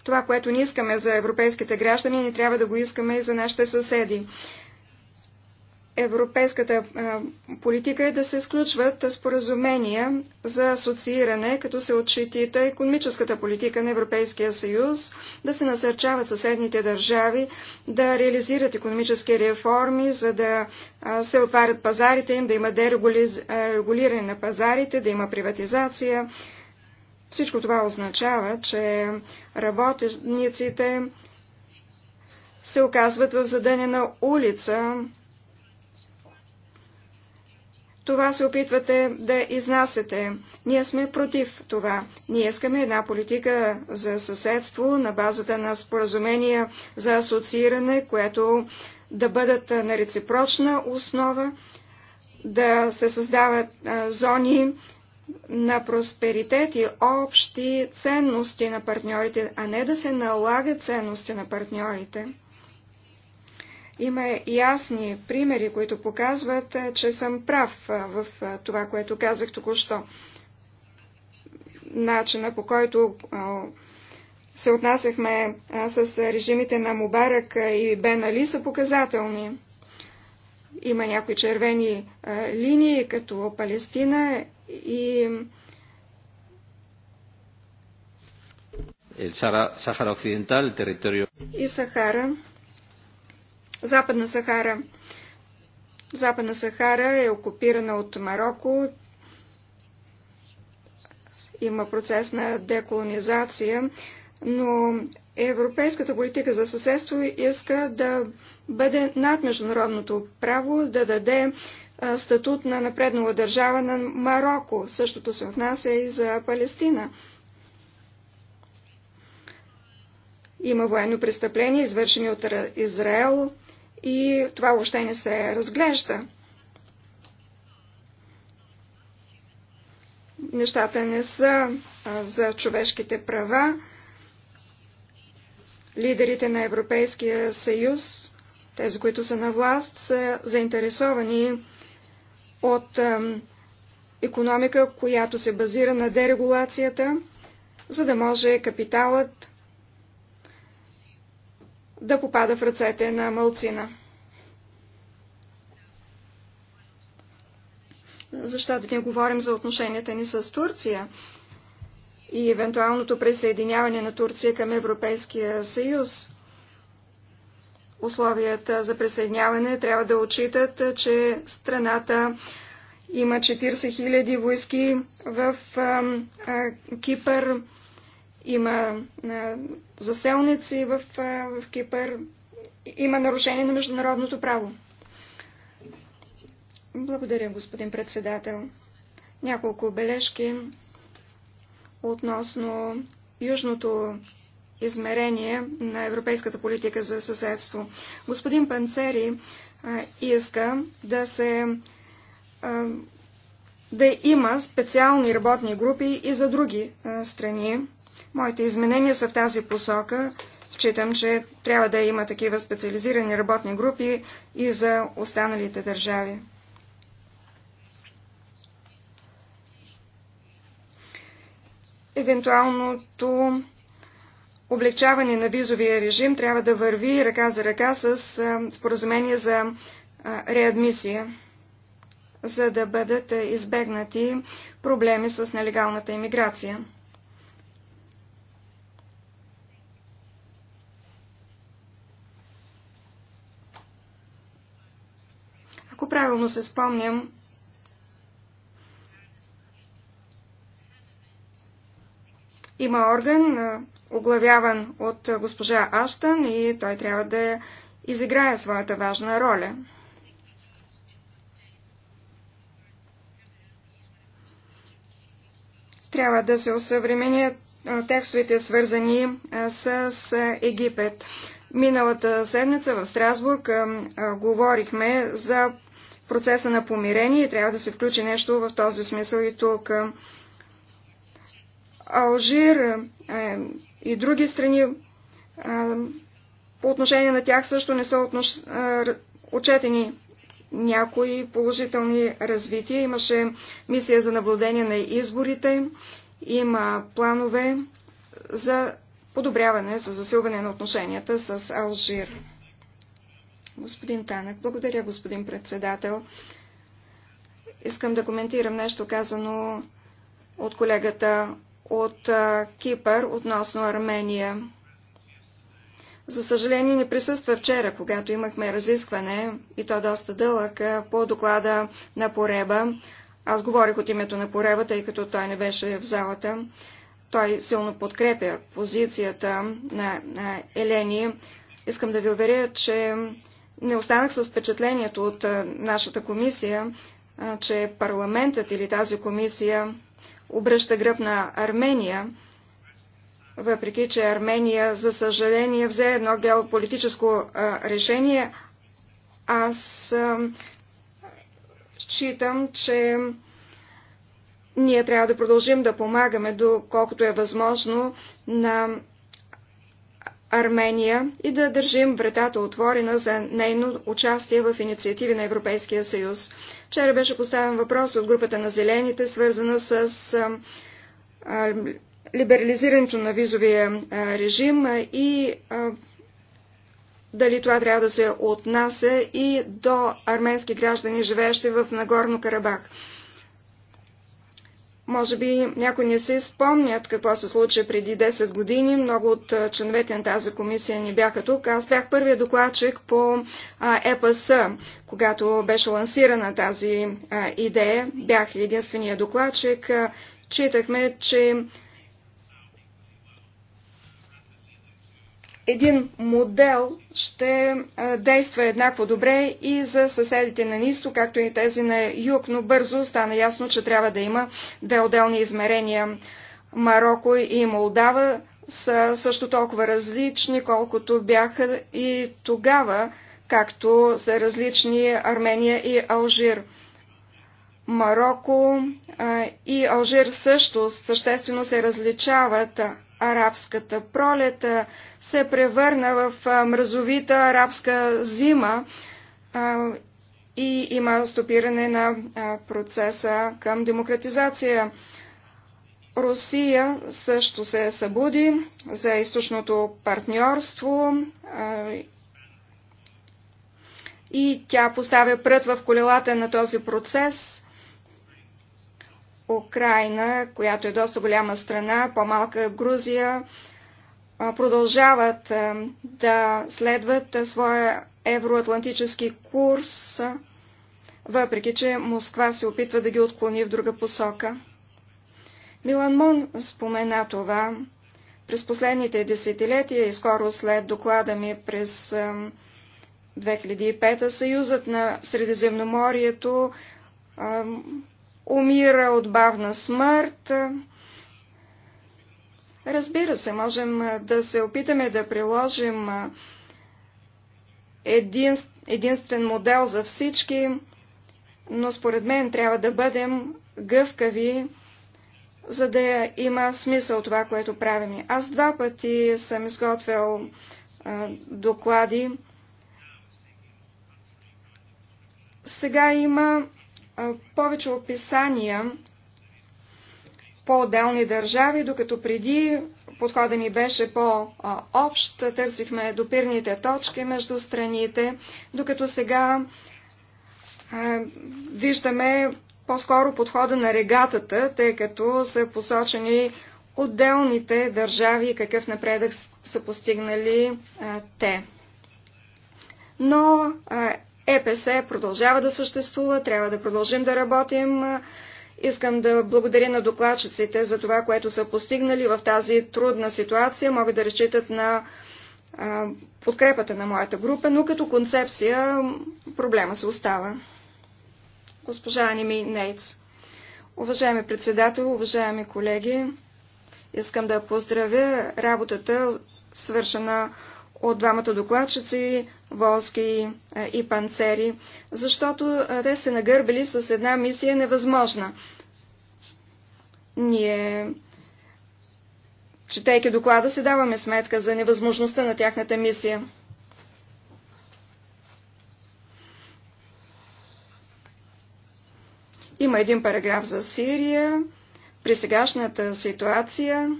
Speaker 4: Това, което не искаме за европейските граждани, не трябва да го искаме и за нашите съседи европейската политика е да се сключват споразумения за асоцииране, като се та економическата политика на Европейския съюз, да се насърчават съседните държави, да реализират економически реформи, за да се отварят пазарите им, да има дерегулиране на пазарите, да има приватизация. Всичко това означава, че работниците се оказват в задънена улица, това се опитвате да изнасяте. Ние сме против това. Ние искаме една политика за съседство на базата на споразумения за асоцииране, което да бъдат на реципрочна основа, да се създават зони на просперитет и общи ценности на партньорите, а не да се налагат ценности на партньорите. Има ясни примери, които показват, е, че съм прав е, в е, това, което казах току-що. Начина по който се отнасяхме с режимите на Мубарак и Бен Али са показателни. Има някои червени линии, като Палестина и
Speaker 1: Сахара Occidental, territorio...
Speaker 4: И Сахара. Западна Сахара. Западна Сахара е окупирана от Марокко. Има процес на деколонизация, но европейската политика за съседство иска да бъде над международното право, да даде статут на напреднала държава на Марокко. Същото се отнася и за Палестина. Има военно престъпление, извършени от Израел и това въобще не се разглежда. Нещата не са за човешките права. Лидерите на Европейския съюз, тези, които са на власт, са заинтересовани от економика, която се базира на дерегулацията, за да може капиталът да попада в ръцете на мълцина. Защо да не говорим за отношенията ни с Турция и евентуалното присъединяване на Турция към Европейския съюз? Условията за присъединяване трябва да отчитат, че страната има 40 000 войски в Кипър, има заселници в, в Кипър. Има нарушение на международното право. Благодаря, господин председател. Няколко бележки относно южното измерение на европейската политика за съседство. Господин Панцери а, иска да се а, да има специални работни групи и за други а, страни. Моите изменения са в тази посока. Читам, че трябва да има такива специализирани работни групи и за останалите държави. Евентуалното облегчаване на визовия режим трябва да върви ръка за ръка с споразумение за реадмисия, за да бъдат избегнати проблеми с нелегалната иммиграция. правилно се спомням, има орган, оглавяван от госпожа Аштън и той трябва да изиграе своята важна роля. Трябва да се осъвременят текстовете, свързани с Египет. Миналата седмица в Страсбург говорихме за процеса на помирение и трябва да се включи нещо в този смисъл и тук. Алжир е, и други страни, е, по отношение на тях също не са отнош... е, отчетени някои положителни развития. Имаше мисия за наблюдение на изборите, има планове за подобряване, за засилване на отношенията с Алжир. Господин Танък, благодаря, господин председател. Искам да коментирам нещо казано от колегата от Кипър относно Армения. За съжаление не присъства вчера, когато имахме разискване, и то доста дълъг, по доклада на Пореба. Аз говорих от името на Пореба, тъй като той не беше в залата. Той силно подкрепя позицията на, на Елени. Искам да ви уверя, че не останах с впечатлението от нашата комисия, че парламентът или тази комисия обръща гръб на Армения, въпреки че Армения, за съжаление, взе едно геополитическо решение. Аз считам, че ние трябва да продължим да помагаме, доколкото е възможно, на Армения и да държим вратата отворена за нейно участие в инициативи на Европейския съюз. Вчера беше поставен въпрос от групата на зелените, свързана с а, а, либерализирането на визовия а, режим и а, дали това трябва да се отнася и до арменски граждани, живеещи в Нагорно Карабах. Може би някои не се спомнят какво се случи преди 10 години. Много от членовете на тази комисия не бяха тук. Аз бях първият докладчик по ЕПС, когато беше лансирана тази идея. Бях единствения докладчик. Читахме, че един модел ще действа еднакво добре и за съседите на Нисто, както и тези на Юг, но бързо стана ясно, че трябва да има две отделни измерения. Марокко и Молдава са също толкова различни, колкото бяха и тогава, както са различни Армения и Алжир. Марокко и Алжир също съществено се различават, арабската пролет се превърна в мразовита арабска зима и има стопиране на процеса към демократизация. Русия също се събуди за източното партньорство и тя поставя прът в колелата на този процес. Украина, която е доста голяма страна, по-малка Грузия, продължават да следват своя евроатлантически курс, въпреки че Москва се опитва да ги отклони в друга посока. Милан Мон спомена това. През последните десетилетия и скоро след доклада ми през 2005 Съюзът на Средиземноморието умира от бавна смърт. Разбира се, можем да се опитаме да приложим един, единствен модел за всички, но според мен трябва да бъдем гъвкави, за да има смисъл това, което правим. Аз два пъти съм изготвил доклади. Сега има повече описания по отделни държави, докато преди подхода ни беше по-общ, търсихме допирните точки между страните, докато сега виждаме по-скоро подхода на регатата, тъй като са посочени отделните държави и какъв напредък са постигнали те. Но ЕПС продължава да съществува, трябва да продължим да работим. Искам да благодаря на докладчиците за това, което са постигнали в тази трудна ситуация. Могат да разчитат на подкрепата на моята група, но като концепция проблема се остава. Госпожа Аними Нейц. Уважаеми председател, уважаеми колеги, искам да поздравя работата, свършена от двамата докладчици, Волски е, и Панцери, защото е, те се нагърбили с една мисия невъзможна. Ние, четейки доклада, си даваме сметка за невъзможността на тяхната мисия. Има един параграф за Сирия. При сегашната ситуация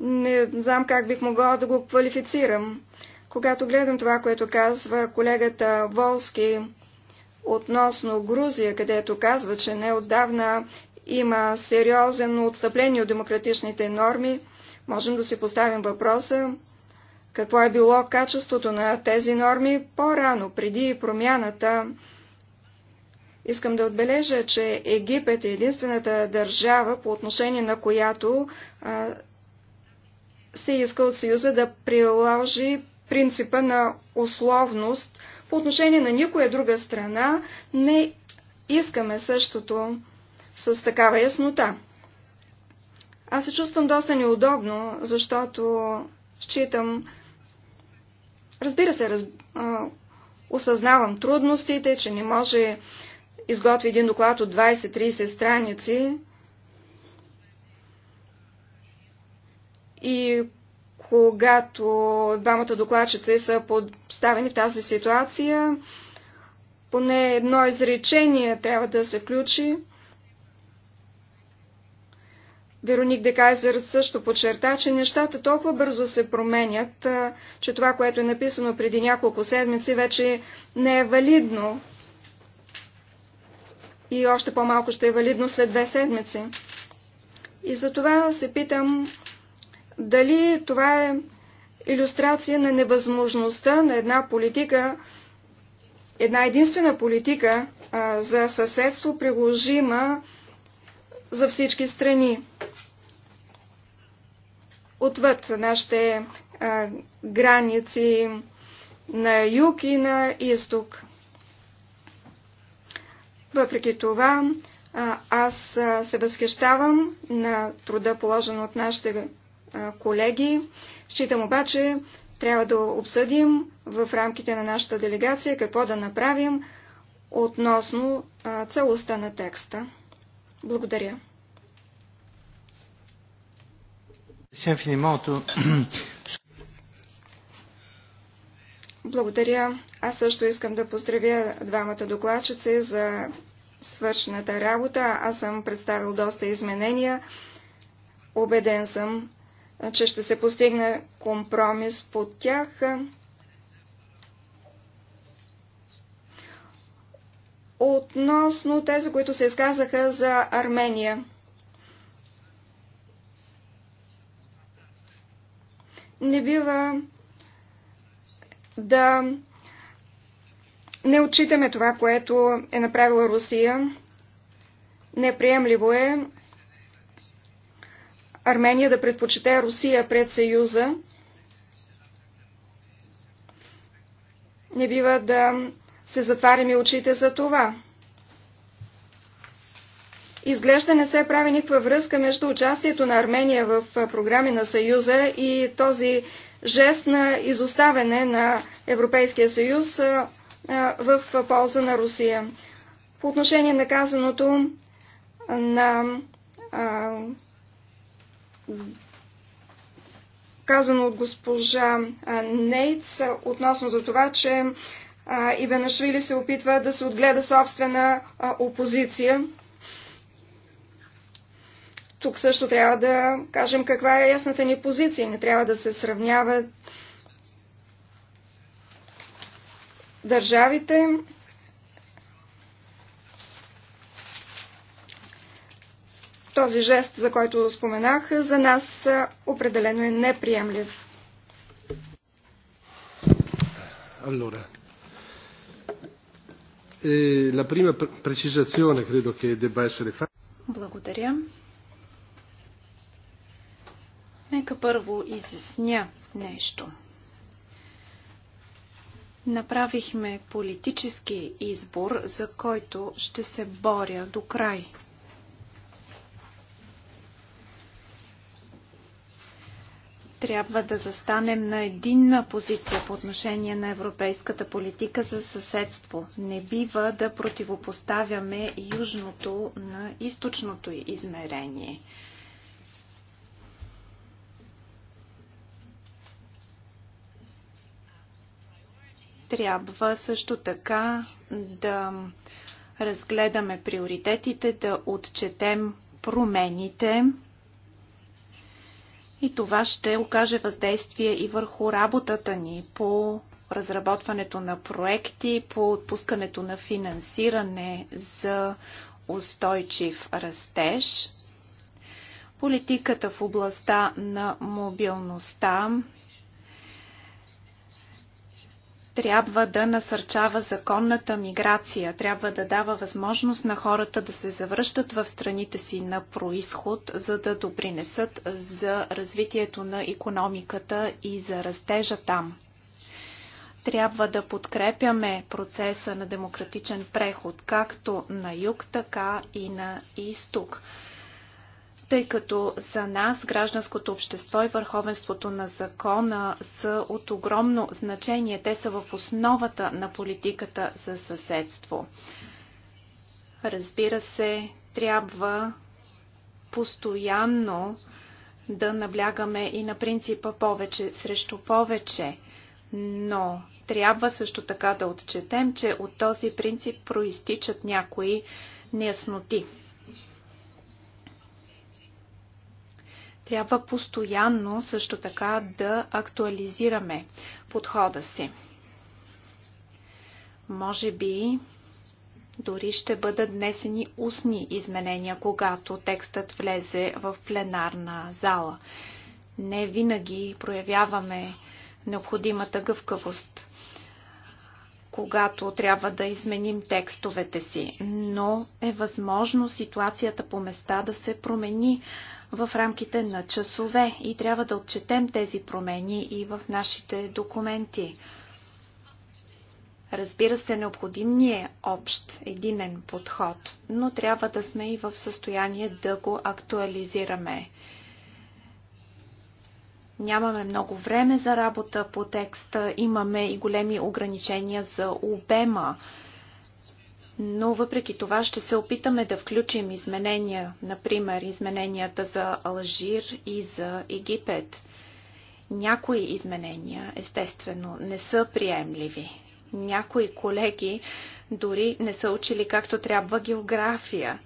Speaker 4: не знам как бих могла да го квалифицирам. Когато гледам това, което казва колегата Волски относно Грузия, където казва, че не отдавна има сериозно отстъпление от демократичните норми, можем да си поставим въпроса какво е било качеството на тези норми по-рано, преди промяната. Искам да отбележа, че Египет е единствената държава, по отношение на която а, се иска от Съюза да приложи принципа на условност по отношение на никоя друга страна. Не искаме същото с такава яснота. Аз се чувствам доста неудобно, защото считам, разбира се, раз, а, осъзнавам трудностите, че не може изготви един доклад от 20-30 страници, И когато двамата докладчици са поставени в тази ситуация, поне едно изречение трябва да се включи. Вероник Декайзер също подчерта, че нещата толкова бързо се променят, че това, което е написано преди няколко седмици, вече не е валидно. И още по-малко ще е валидно след две седмици. И за това се питам дали това е иллюстрация на невъзможността на една политика, една единствена политика а, за съседство, приложима за всички страни. Отвъд нашите а, граници на юг и на изток. Въпреки това, аз се възхищавам на труда, положен от нашите колеги. Считам обаче, трябва да обсъдим в рамките на нашата делегация какво да направим относно целостта на текста. Благодаря. Благодаря. Аз също искам да поздравя двамата докладчици за свършената работа. Аз съм представил доста изменения. Обеден съм, че ще се постигне компромис по тях. Относно тези, които се изказаха за Армения. Не бива да не отчитаме това, което е направила Русия. Неприемливо е Армения да предпочете Русия пред Съюза. Не бива да се затваряме очите за това. Изглежда не се прави никаква връзка между участието на Армения в програми на Съюза и този жест на изоставяне на Европейския съюз в полза на Русия. По отношение на казаното на казано от госпожа Нейтс относно за това, че Ибенашвили се опитва да се отгледа собствена опозиция. Тук също трябва да кажем каква е ясната ни позиция. Не трябва да се сравняват държавите Този жест, за който споменах, за нас определено е неприемлив.
Speaker 1: Allora, e la prima precisazione credo che debba essere fatta.
Speaker 2: Благодаря. Нека първо изясня нещо. Направихме политически избор, за който ще се боря до край. трябва да застанем на единна позиция по отношение на европейската политика за съседство. Не бива да противопоставяме южното на източното измерение. Трябва също така да разгледаме приоритетите, да отчетем промените, и това ще окаже въздействие и върху работата ни по разработването на проекти, по отпускането на финансиране за устойчив растеж. Политиката в областта на мобилността трябва да насърчава законната миграция, трябва да дава възможност на хората да се завръщат в страните си на происход, за да допринесат за развитието на економиката и за растежа там. Трябва да подкрепяме процеса на демократичен преход както на юг, така и на изток тъй като за нас гражданското общество и върховенството на закона са от огромно значение. Те са в основата на политиката за съседство. Разбира се, трябва постоянно да наблягаме и на принципа повече срещу повече, но трябва също така да отчетем, че от този принцип проистичат някои неясноти. Трябва постоянно също така да актуализираме подхода си. Може би дори ще бъдат днесени устни изменения, когато текстът влезе в пленарна зала. Не винаги проявяваме необходимата гъвкавост, когато трябва да изменим текстовете си, но е възможно ситуацията по места да се промени в рамките на часове и трябва да отчетем тези промени и в нашите документи. Разбира се, необходим ни е общ, единен подход, но трябва да сме и в състояние да го актуализираме. Нямаме много време за работа по текста, имаме и големи ограничения за обема но въпреки това ще се опитаме да включим изменения, например измененията за Алжир и за Египет. Някои изменения, естествено, не са приемливи. Някои колеги дори не са учили както трябва география.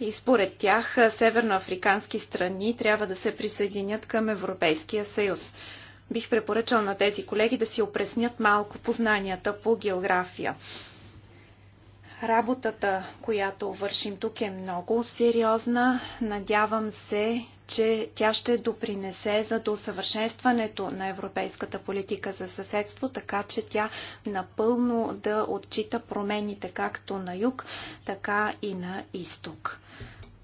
Speaker 2: И според тях северноафрикански страни трябва да се присъединят към Европейския съюз. Бих препоръчал на тези колеги да си опреснят малко познанията по география. Работата, която вършим тук е много сериозна. Надявам се, че тя ще допринесе за досъвършенстването на европейската политика за съседство, така че тя напълно да отчита промените както на юг, така и на изток.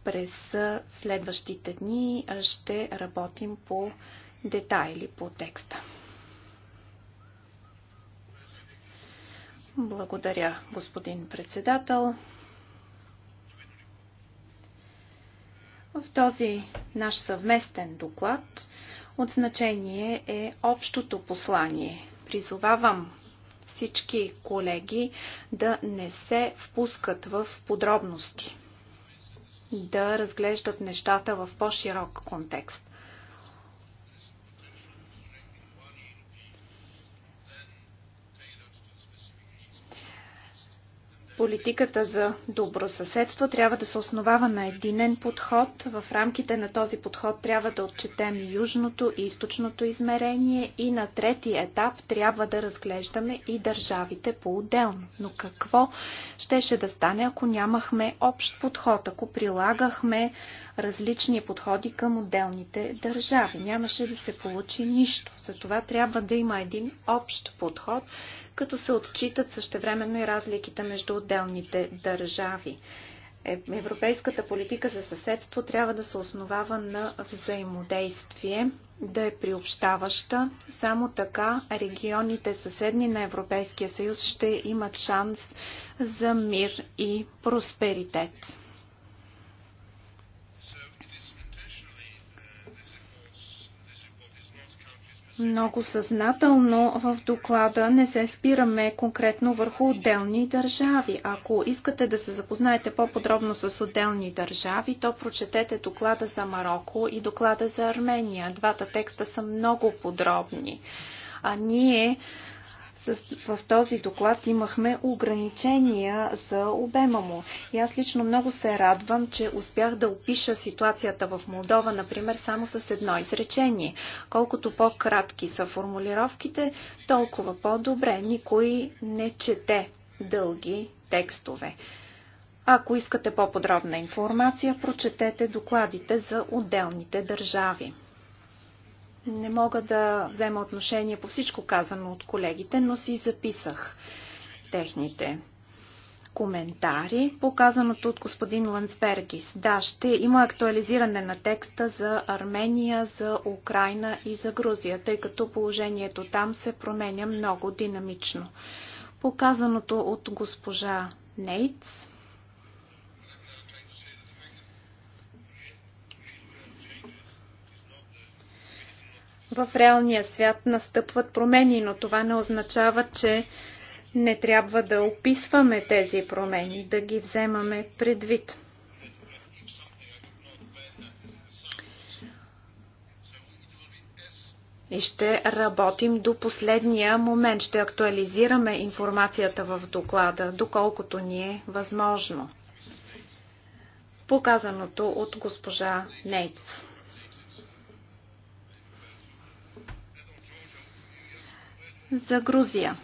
Speaker 2: През следващите дни ще работим по детайли по текста. Благодаря, господин председател. В този наш съвместен доклад от значение е общото послание. Призовавам всички колеги да не се впускат в подробности, да разглеждат нещата в по-широк контекст. Политиката за добро съседство трябва да се основава на единен подход. В рамките на този подход трябва да отчетем южното и източното измерение и на трети етап трябва да разглеждаме и държавите по-отделно. Но какво щеше да стане, ако нямахме общ подход, ако прилагахме различни подходи към отделните държави? Нямаше да се получи нищо. Затова трябва да има един общ подход, като се отчитат същевременно и разликите между отделните държави. Е, европейската политика за съседство трябва да се основава на взаимодействие, да е приобщаваща. Само така регионите съседни на Европейския съюз ще имат шанс за мир и просперитет. Много съзнателно в доклада не се спираме конкретно върху отделни държави. Ако искате да се запознаете по-подробно с отделни държави, то прочетете доклада за Марокко и доклада за Армения. Двата текста са много подробни. А ние в този доклад имахме ограничения за обема му. И аз лично много се радвам, че успях да опиша ситуацията в Молдова, например, само с едно изречение. Колкото по-кратки са формулировките, толкова по-добре. Никой не чете дълги текстове. Ако искате по-подробна информация, прочетете докладите за отделните държави. Не мога да взема отношение по всичко казано от колегите, но си записах техните коментари по казаното от господин Ланцбергис, Да, ще има актуализиране на текста за Армения, за Украина и за Грузия, тъй като положението там се променя много динамично. По казаното от госпожа Нейтс, в реалния свят настъпват промени, но това не означава, че не трябва да описваме тези промени, да ги вземаме предвид. И ще работим до последния момент. Ще актуализираме информацията в доклада, доколкото ни е възможно. Показаното от госпожа Нейтс. за Грузия.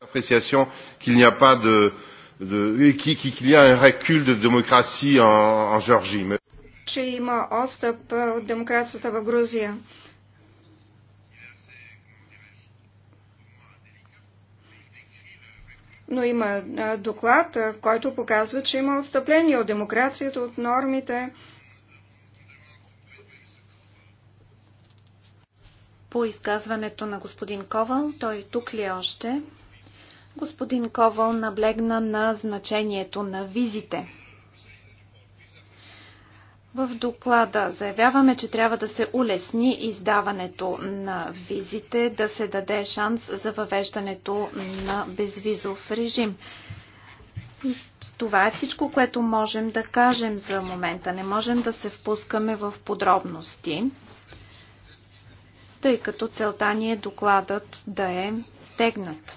Speaker 1: Appréciation qu'il n'y a pas de, de qu'il y a un recul de démocratie en, en Géorgie.
Speaker 4: Че има отстъп от демокрацията в Грузия. но има доклад, който показва, че има отстъпление от демокрацията, от нормите.
Speaker 2: по изказването на господин Ковал. Той тук ли е още? Господин Ковал наблегна на значението на визите. В доклада заявяваме, че трябва да се улесни издаването на визите, да се даде шанс за въвеждането на безвизов режим. И това е всичко, което можем да кажем за момента. Не можем да се впускаме в подробности тъй като целта ни е докладът да е стегнат.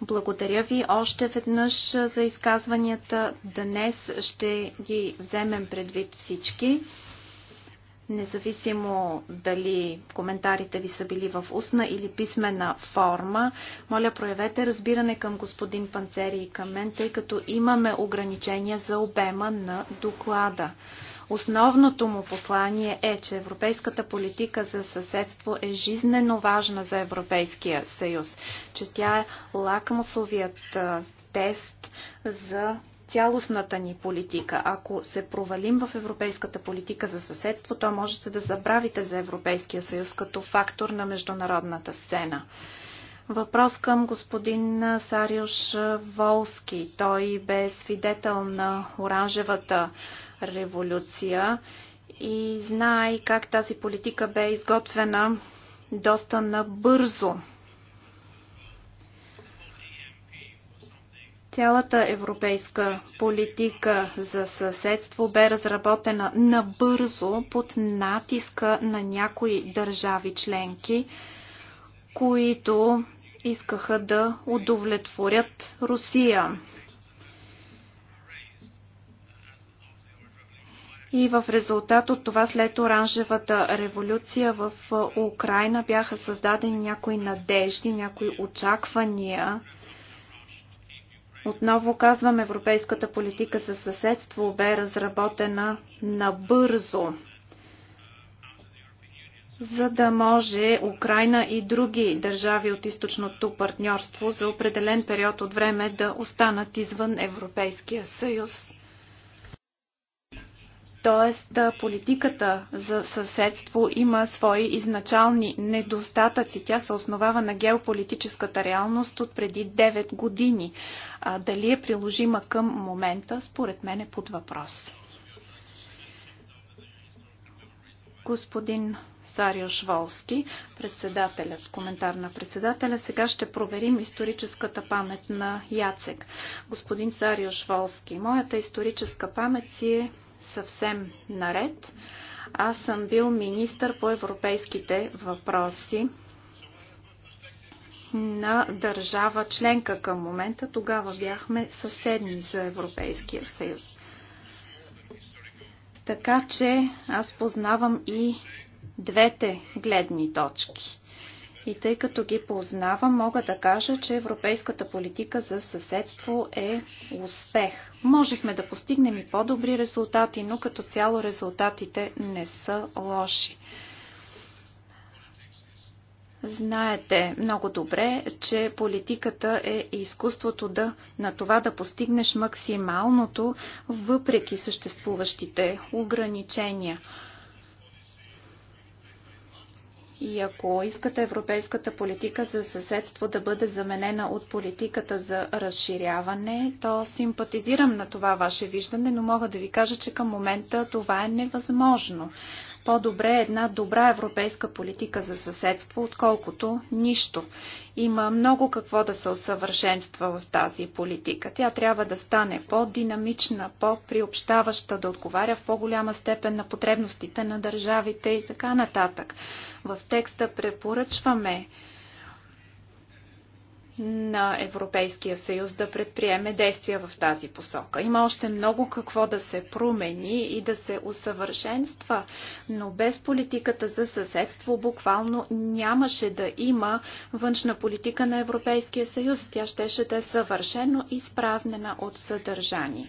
Speaker 2: Благодаря ви още веднъж за изказванията. Днес ще ги вземем предвид всички. Независимо дали коментарите ви са били в устна или писмена форма, моля проявете разбиране към господин Панцери и към мен, тъй като имаме ограничения за обема на доклада. Основното му послание е, че европейската политика за съседство е жизнено важна за Европейския съюз, че тя е лакмусовият тест за цялостната ни политика. Ако се провалим в европейската политика за съседство, то можете да забравите за Европейския съюз като фактор на международната сцена. Въпрос към господин Сариош Волски. Той бе свидетел на оранжевата революция и знае как тази политика бе изготвена доста набързо. Цялата европейска политика за съседство бе разработена набързо под натиска на някои държави членки, които искаха да удовлетворят Русия. И в резултат от това след оранжевата революция в Украина бяха създадени някои надежди, някои очаквания. Отново казвам, европейската политика за съседство бе разработена набързо за да може Украина и други държави от източното партньорство за определен период от време да останат извън Европейския съюз. Тоест, политиката за съседство има свои изначални недостатъци. Тя се основава на геополитическата реалност от преди 9 години. А, дали е приложима към момента, според мен е под въпрос. господин Сариош Волски, председателят, коментар на председателя. Сега ще проверим историческата памет на Яцек. Господин Сариош Волски, моята историческа памет си е съвсем наред. Аз съм бил министър по европейските въпроси на държава членка към момента. Тогава бяхме съседни за Европейския съюз. Така че аз познавам и двете гледни точки. И тъй като ги познавам, мога да кажа, че европейската политика за съседство е успех. Можехме да постигнем и по-добри резултати, но като цяло резултатите не са лоши. Знаете много добре, че политиката е изкуството да, на това да постигнеш максималното, въпреки съществуващите ограничения. И ако искате европейската политика за съседство да бъде заменена от политиката за разширяване, то симпатизирам на това ваше виждане, но мога да ви кажа, че към момента това е невъзможно. По-добре е една добра европейска политика за съседство, отколкото нищо. Има много какво да се усъвършенства в тази политика. Тя трябва да стане по-динамична, по-приобщаваща, да отговаря в по-голяма степен на потребностите на държавите и така нататък. В текста препоръчваме на Европейския съюз да предприеме действия в тази посока. Има още много какво да се промени и да се усъвършенства, но без политиката за съседство буквално нямаше да има външна политика на Европейския съюз. Тя щеше да е съвършено изпразнена от съдържание.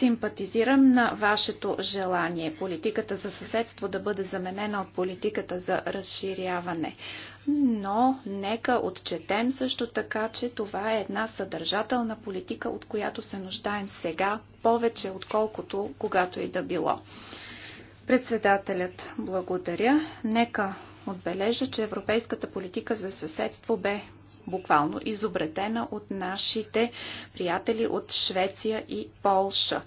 Speaker 2: Симпатизирам на вашето желание политиката за съседство да бъде заменена от политиката за разширяване. Но нека отчетем също така, че това е една съдържателна политика, от която се нуждаем сега повече, отколкото когато и да било. Председателят, благодаря. Нека отбележа, че европейската политика за съседство бе буквално изобретена от нашите приятели от Швеция и Полша.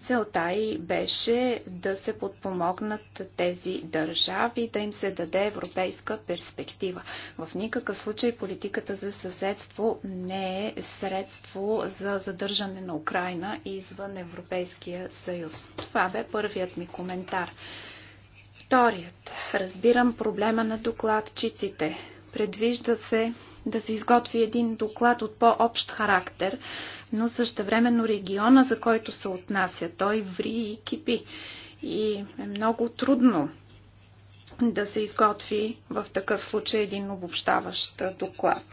Speaker 2: Целта й беше да се подпомогнат тези държави, да им се даде европейска перспектива. В никакъв случай политиката за съседство не е средство за задържане на Украина извън Европейския съюз. Това бе първият ми коментар. Вторият. Разбирам проблема на докладчиците. Предвижда се да се изготви един доклад от по-общ характер, но същевременно региона, за който се отнася, той ври и кипи. И е много трудно да се изготви в такъв случай един обобщаващ доклад.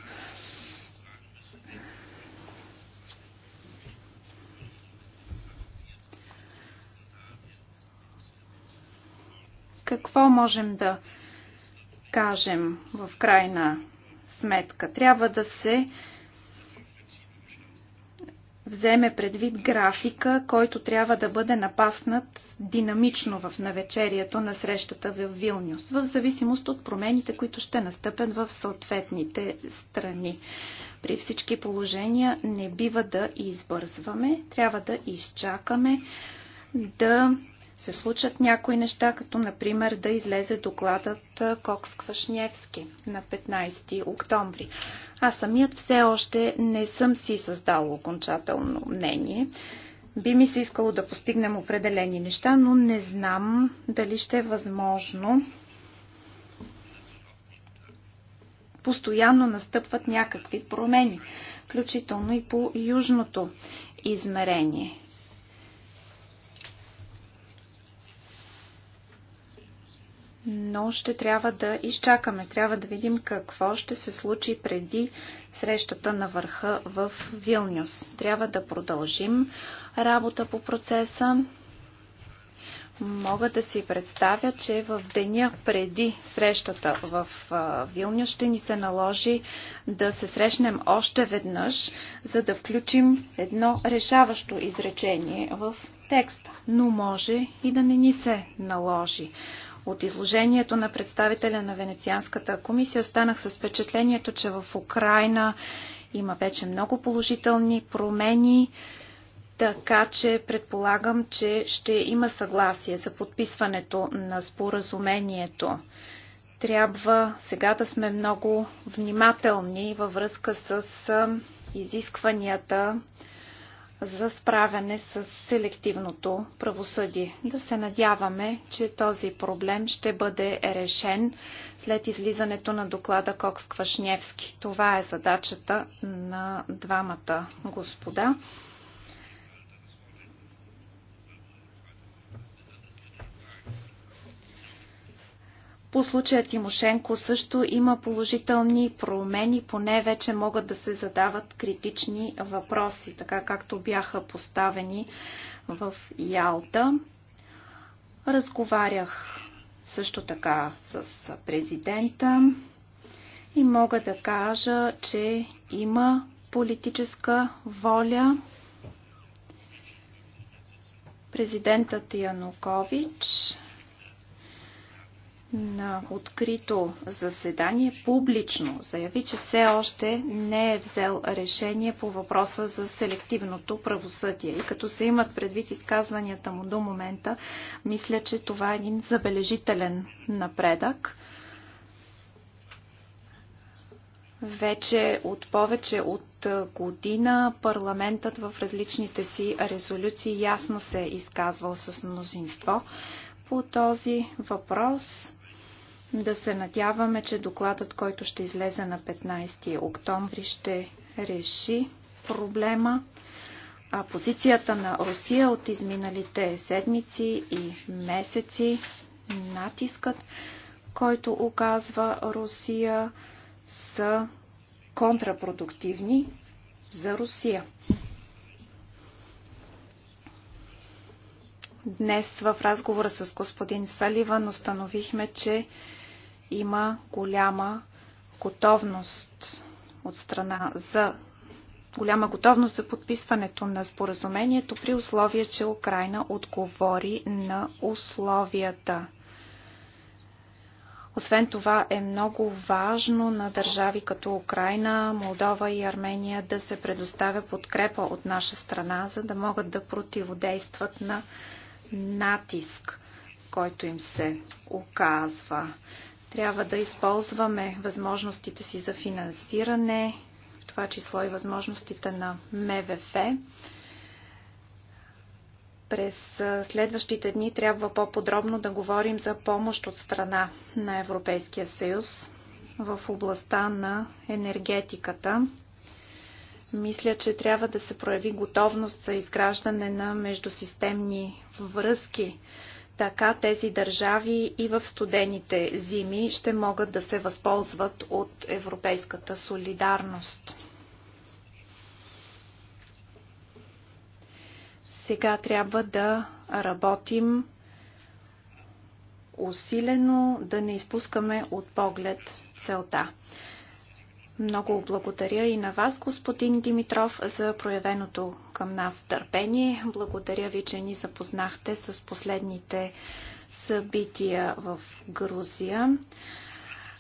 Speaker 2: Какво можем да кажем в край на сметка. Трябва да се вземе предвид графика, който трябва да бъде напаснат динамично в навечерието на срещата в Вилнюс, в зависимост от промените, които ще настъпят в съответните страни. При всички положения не бива да избързваме, трябва да изчакаме да се случат някои неща, като например да излезе докладът Кокс Квашневски на 15 октомври. Аз самият все още не съм си създал окончателно мнение. Би ми се искало да постигнем определени неща, но не знам дали ще е възможно постоянно настъпват някакви промени, включително и по южното измерение. но ще трябва да изчакаме. Трябва да видим какво ще се случи преди срещата на върха в Вилнюс. Трябва да продължим работа по процеса. Мога да си представя, че в деня преди срещата в Вилнюс ще ни се наложи да се срещнем още веднъж, за да включим едно решаващо изречение в текста. Но може и да не ни се наложи. От изложението на представителя на Венецианската комисия останах с впечатлението, че в Украина има вече много положителни промени, така че предполагам, че ще има съгласие за подписването на споразумението. Трябва сега да сме много внимателни във връзка с изискванията за справяне с селективното правосъдие. Да се надяваме, че този проблем ще бъде решен след излизането на доклада Кокс Квашневски. Това е задачата на двамата господа. По случая Тимошенко също има положителни промени, поне вече могат да се задават критични въпроси, така както бяха поставени в Ялта. Разговарях също така с президента и мога да кажа, че има политическа воля. Президентът Янукович на открито заседание публично заяви, че все още не е взел решение по въпроса за селективното правосъдие. И като се имат предвид изказванията му до момента, мисля, че това е един забележителен напредък. Вече от повече от година парламентът в различните си резолюции ясно се е изказвал с мнозинство по този въпрос. Да се надяваме, че докладът, който ще излезе на 15 октомври, ще реши проблема. А позицията на Русия от изминалите седмици и месеци, натискът, който оказва Русия, са контрапродуктивни за Русия. Днес в разговора с господин Саливан установихме, че има голяма готовност от страна за голяма готовност за подписването на споразумението при условие, че Украина отговори на условията. Освен това е много важно на държави като Украина, Молдова и Армения да се предоставя подкрепа от наша страна, за да могат да противодействат на натиск, който им се оказва. Трябва да използваме възможностите си за финансиране, в това число и възможностите на МВФ. През следващите дни трябва по-подробно да говорим за помощ от страна на Европейския съюз в областта на енергетиката. Мисля, че трябва да се прояви готовност за изграждане на междусистемни връзки така тези държави и в студените зими ще могат да се възползват от европейската солидарност. Сега трябва да работим усилено, да не изпускаме от поглед целта. Много благодаря и на вас, господин Димитров, за проявеното към нас търпение. Благодаря ви, че ни запознахте с последните събития в Грузия.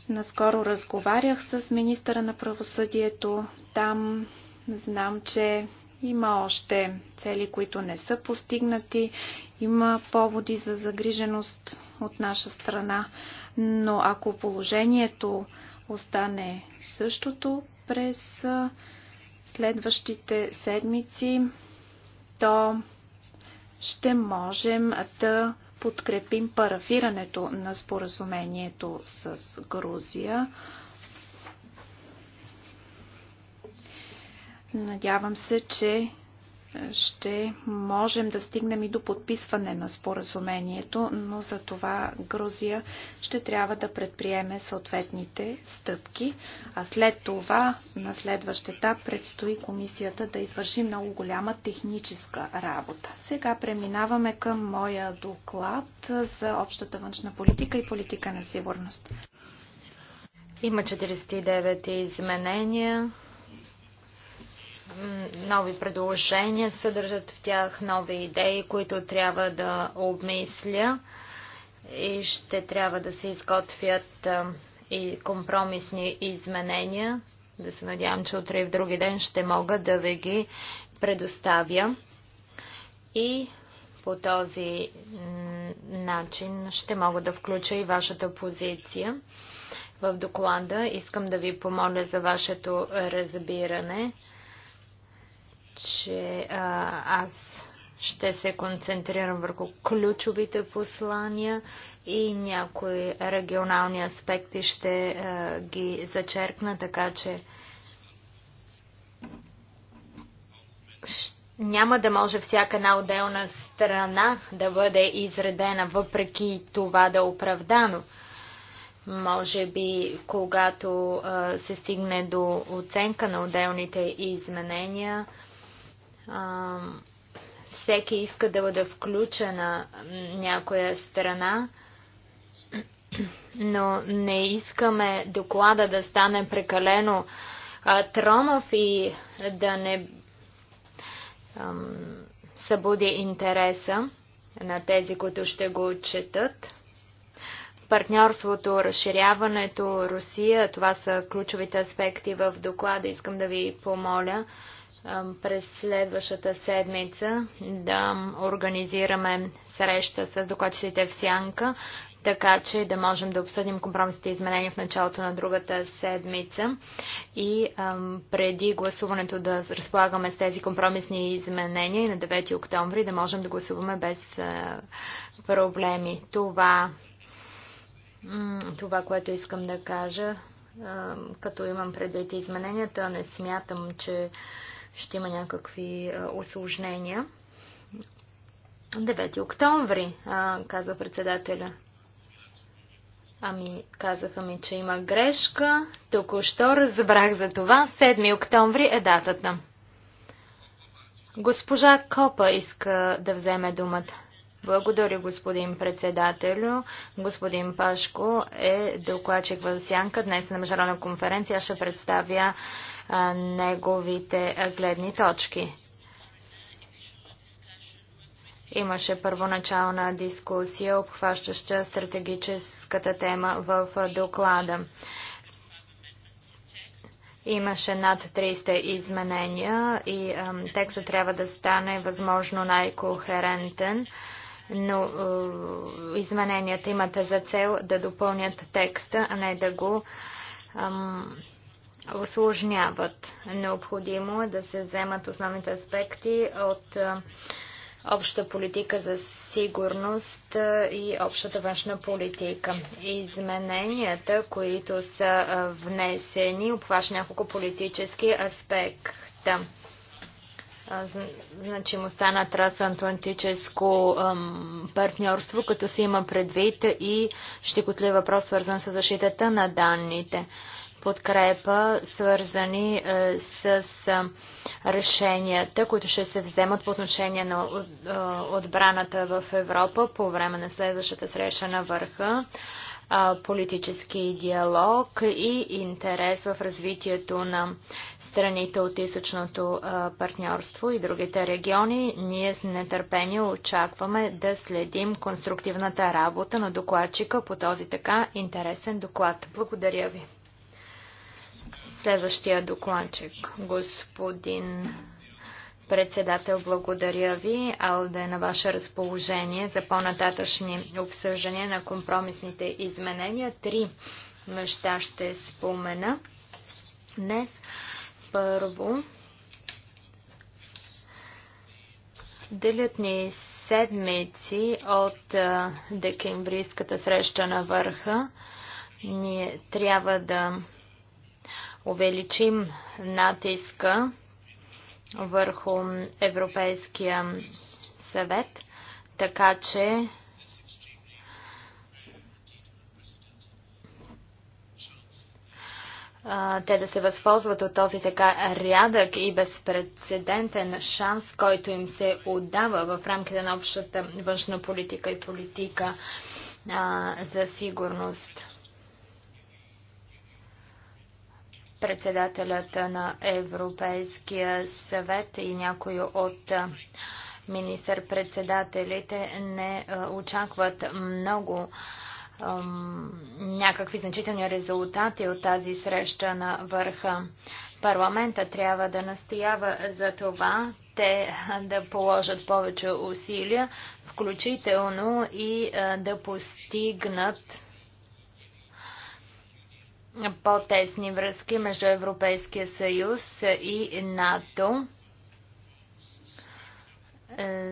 Speaker 2: Наскоро разговарях с министъра на правосъдието. Там знам, че има още цели, които не са постигнати. Има поводи за загриженост от наша страна. Но ако положението остане същото през следващите седмици, то ще можем да подкрепим парафирането на споразумението с Грузия. Надявам се, че ще можем да стигнем и до подписване на споразумението, но за това Грузия ще трябва да предприеме съответните стъпки. А след това, на следващ етап, предстои комисията да извърши много голяма техническа работа. Сега преминаваме към моя доклад
Speaker 3: за общата външна политика и политика на сигурност. Има 49 изменения нови предложения, съдържат в тях нови идеи, които трябва да обмисля и ще трябва да се изготвят и компромисни изменения. Да се надявам, че утре и в други ден ще мога да ви ги предоставя. И по този начин ще мога да включа и вашата позиция в доклада. Искам да ви помоля за вашето разбиране че а, аз ще се концентрирам върху ключовите послания и някои регионални аспекти ще а, ги зачеркна, така че няма да може всяка една отделна страна да бъде изредена, въпреки това да е оправдано. Може би, когато а, се стигне до оценка на отделните изменения, всеки иска да бъде включена някоя страна, <clears throat> но не искаме доклада да стане прекалено а, тромав и да не събуди интереса на тези, които ще го четат. Партньорството, разширяването, Русия, това са ключовите аспекти в доклада. Искам да ви помоля през следващата седмица да организираме среща с докладчиците в Сянка, така че да можем да обсъдим компромисните изменения в началото на другата седмица и ам, преди гласуването да разполагаме с тези компромисни изменения и на 9 октомври да можем да гласуваме без а, проблеми. Това, това, което искам да кажа, като имам предвид измененията, не смятам, че а, ще има някакви осложнения. 9 октомври, каза председателя. Ами, казаха ми, че има грешка. Току-що разбрах за това. 7 октомври е датата. Госпожа Копа иска да вземе думата. Благодаря, господин председателю. Господин Пашко е докладчик в Сянка. Днес на международна конференция ще представя неговите гледни точки. Имаше първоначална дискусия, обхващаща стратегическата тема в доклада. Имаше над 300 изменения и текстът трябва да стане възможно най-кохерентен но е, измененията имат за цел да допълнят текста, а не да го осложняват. Необходимо е да се вземат основните аспекти от е, обща политика за сигурност е, и общата външна политика. Измененията, които са внесени, обхващат няколко политически аспекта значимостта на трансатлантическо партньорство, като се има предвид и щекотлив въпрос, свързан с защитата на данните. Подкрепа, свързани е, с решенията, които ще се вземат по отношение на отбраната в Европа по време на следващата среща на върха политически диалог и интерес в развитието на страните от източното партньорство и другите региони. Ние с нетърпение очакваме да следим конструктивната работа на докладчика по този така интересен доклад. Благодаря ви. Следващия докладчик, господин председател, благодаря ви. да е на ваше разположение за по-нататъчни обсъждания на компромисните изменения. Три неща ще спомена днес. Първо, делят ни седмици от декембрийската среща на върха. Ние трябва да увеличим натиска върху Европейския съвет, така че те да се възползват от този така рядък и безпредседентен шанс, който им се отдава в рамките на общата външна политика и политика а, за сигурност. Председателят на Европейския съвет и някои от министър-председателите не очакват много някакви значителни резултати от тази среща на върха. Парламента трябва да настоява за това те да положат повече усилия, включително и да постигнат по-тесни връзки между Европейския съюз и НАТО.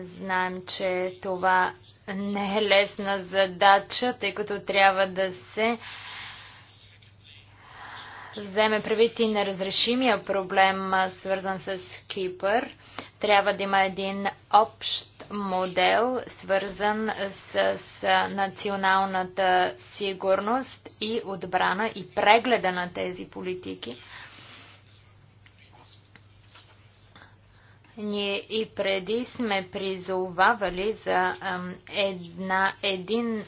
Speaker 3: Знаем, че това не е лесна задача, тъй като трябва да се вземе предвид и неразрешимия проблем, свързан с Кипър. Трябва да има един общ модел, свързан с, с националната сигурност и отбрана и прегледа на тези политики. Ние и преди сме призовавали за една, един,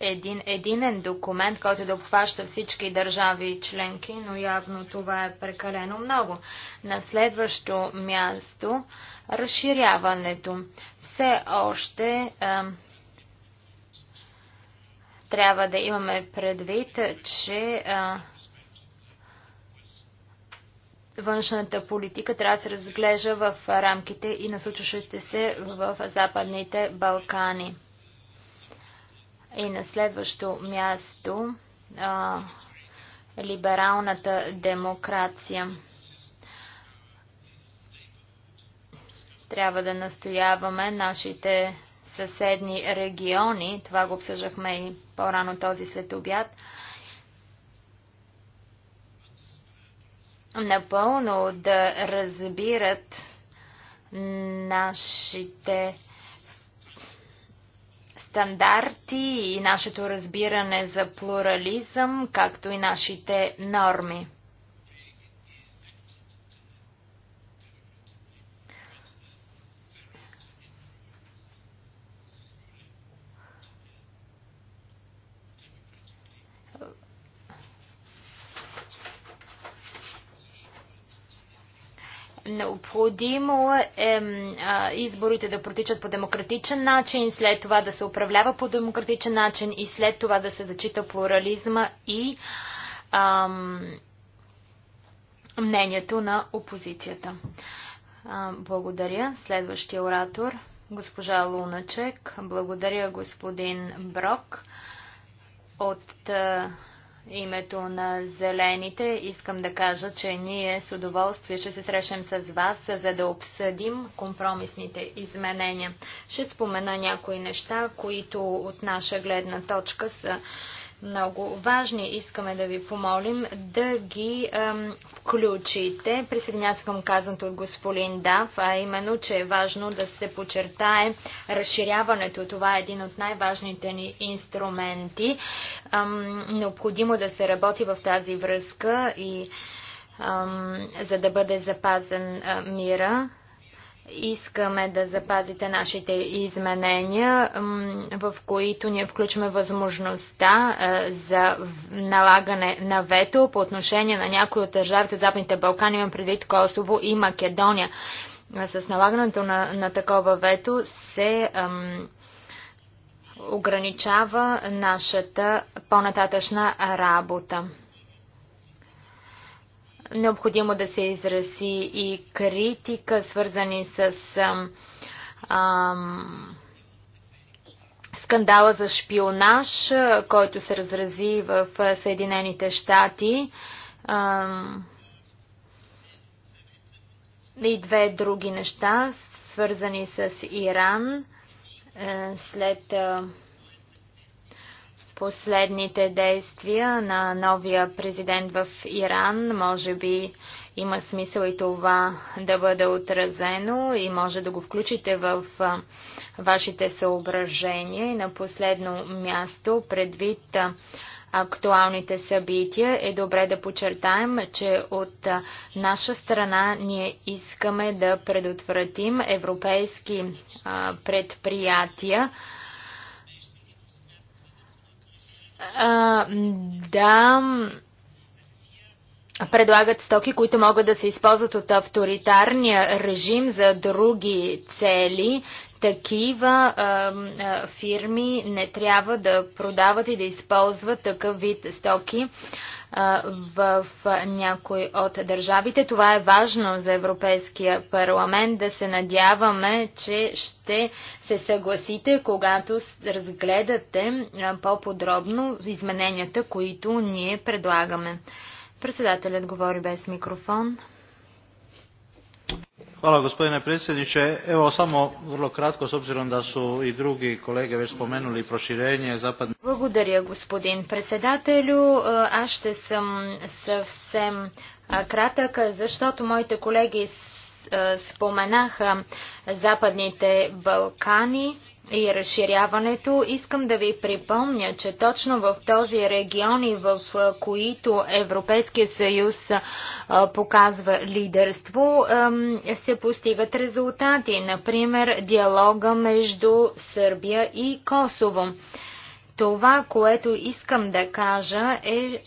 Speaker 3: един единен документ, който да обхваща всички държави и членки, но явно това е прекалено много. На следващо място разширяването. Все още трябва да имаме предвид, че а, външната политика трябва да се разглежда в рамките и на случващите се в Западните Балкани. И на следващо място а, либералната демокрация. Трябва да настояваме нашите съседни региони, това го обсъждахме и по-рано този след обяд, напълно да разбират нашите стандарти и нашето разбиране за плурализъм, както и нашите норми. Необходимо е изборите да протичат по демократичен начин, след това да се управлява по демократичен начин и след това да се зачита плурализма и ам, мнението на опозицията. Благодаря. Следващия оратор, госпожа Луначек. Благодаря, господин Брок. От името на зелените искам да кажа, че ние с удоволствие ще се срещнем с вас, за да обсъдим компромисните изменения. Ще спомена някои неща, които от наша гледна точка са много важни. Искаме да ви помолим да ги ем, включите. Присъединявам към казаното от господин Дав, а именно, че е важно да се почертае разширяването. Това е един от най-важните ни инструменти. необходимо да се работи в тази връзка и за да бъде запазен мира искаме да запазите нашите изменения, в които ние включваме възможността за налагане на вето по отношение на някои от държавите от Западните Балкани, имам предвид Косово и Македония. С налагането на, на такова вето се ам, ограничава нашата по-нататъчна работа. Необходимо да се изрази и критика, свързани с ам, скандала за шпионаж, който се разрази в Съединените щати. И две други неща, свързани с Иран е, след последните действия на новия президент в Иран. Може би има смисъл и това да бъде отразено и може да го включите в вашите съображения. И на последно място, предвид актуалните събития, е добре да подчертаем, че от наша страна ние искаме да предотвратим европейски предприятия, а, да предлагат стоки, които могат да се използват от авторитарния режим за други цели такива а, а, фирми не трябва да продават и да използват такъв вид стоки в някой от държавите. Това е важно за Европейския парламент да се надяваме, че ще се съгласите, когато разгледате по-подробно измененията, които ние предлагаме. Председателят говори без микрофон.
Speaker 1: Hvala gospodine predsjedniče. Evo samo vrlo kratko s obzirom da su i drugi kolege već spomenuli proširenje zapadne...
Speaker 3: Благодаря господин председателю. Аз ще съм съвсем кратък, защото моите колеги споменаха Западните Балкани и разширяването, искам да ви припомня, че точно в този регион и в които Европейския съюз показва лидерство, се постигат резултати. Например, диалога между Сърбия и Косово. Това, което искам да кажа е,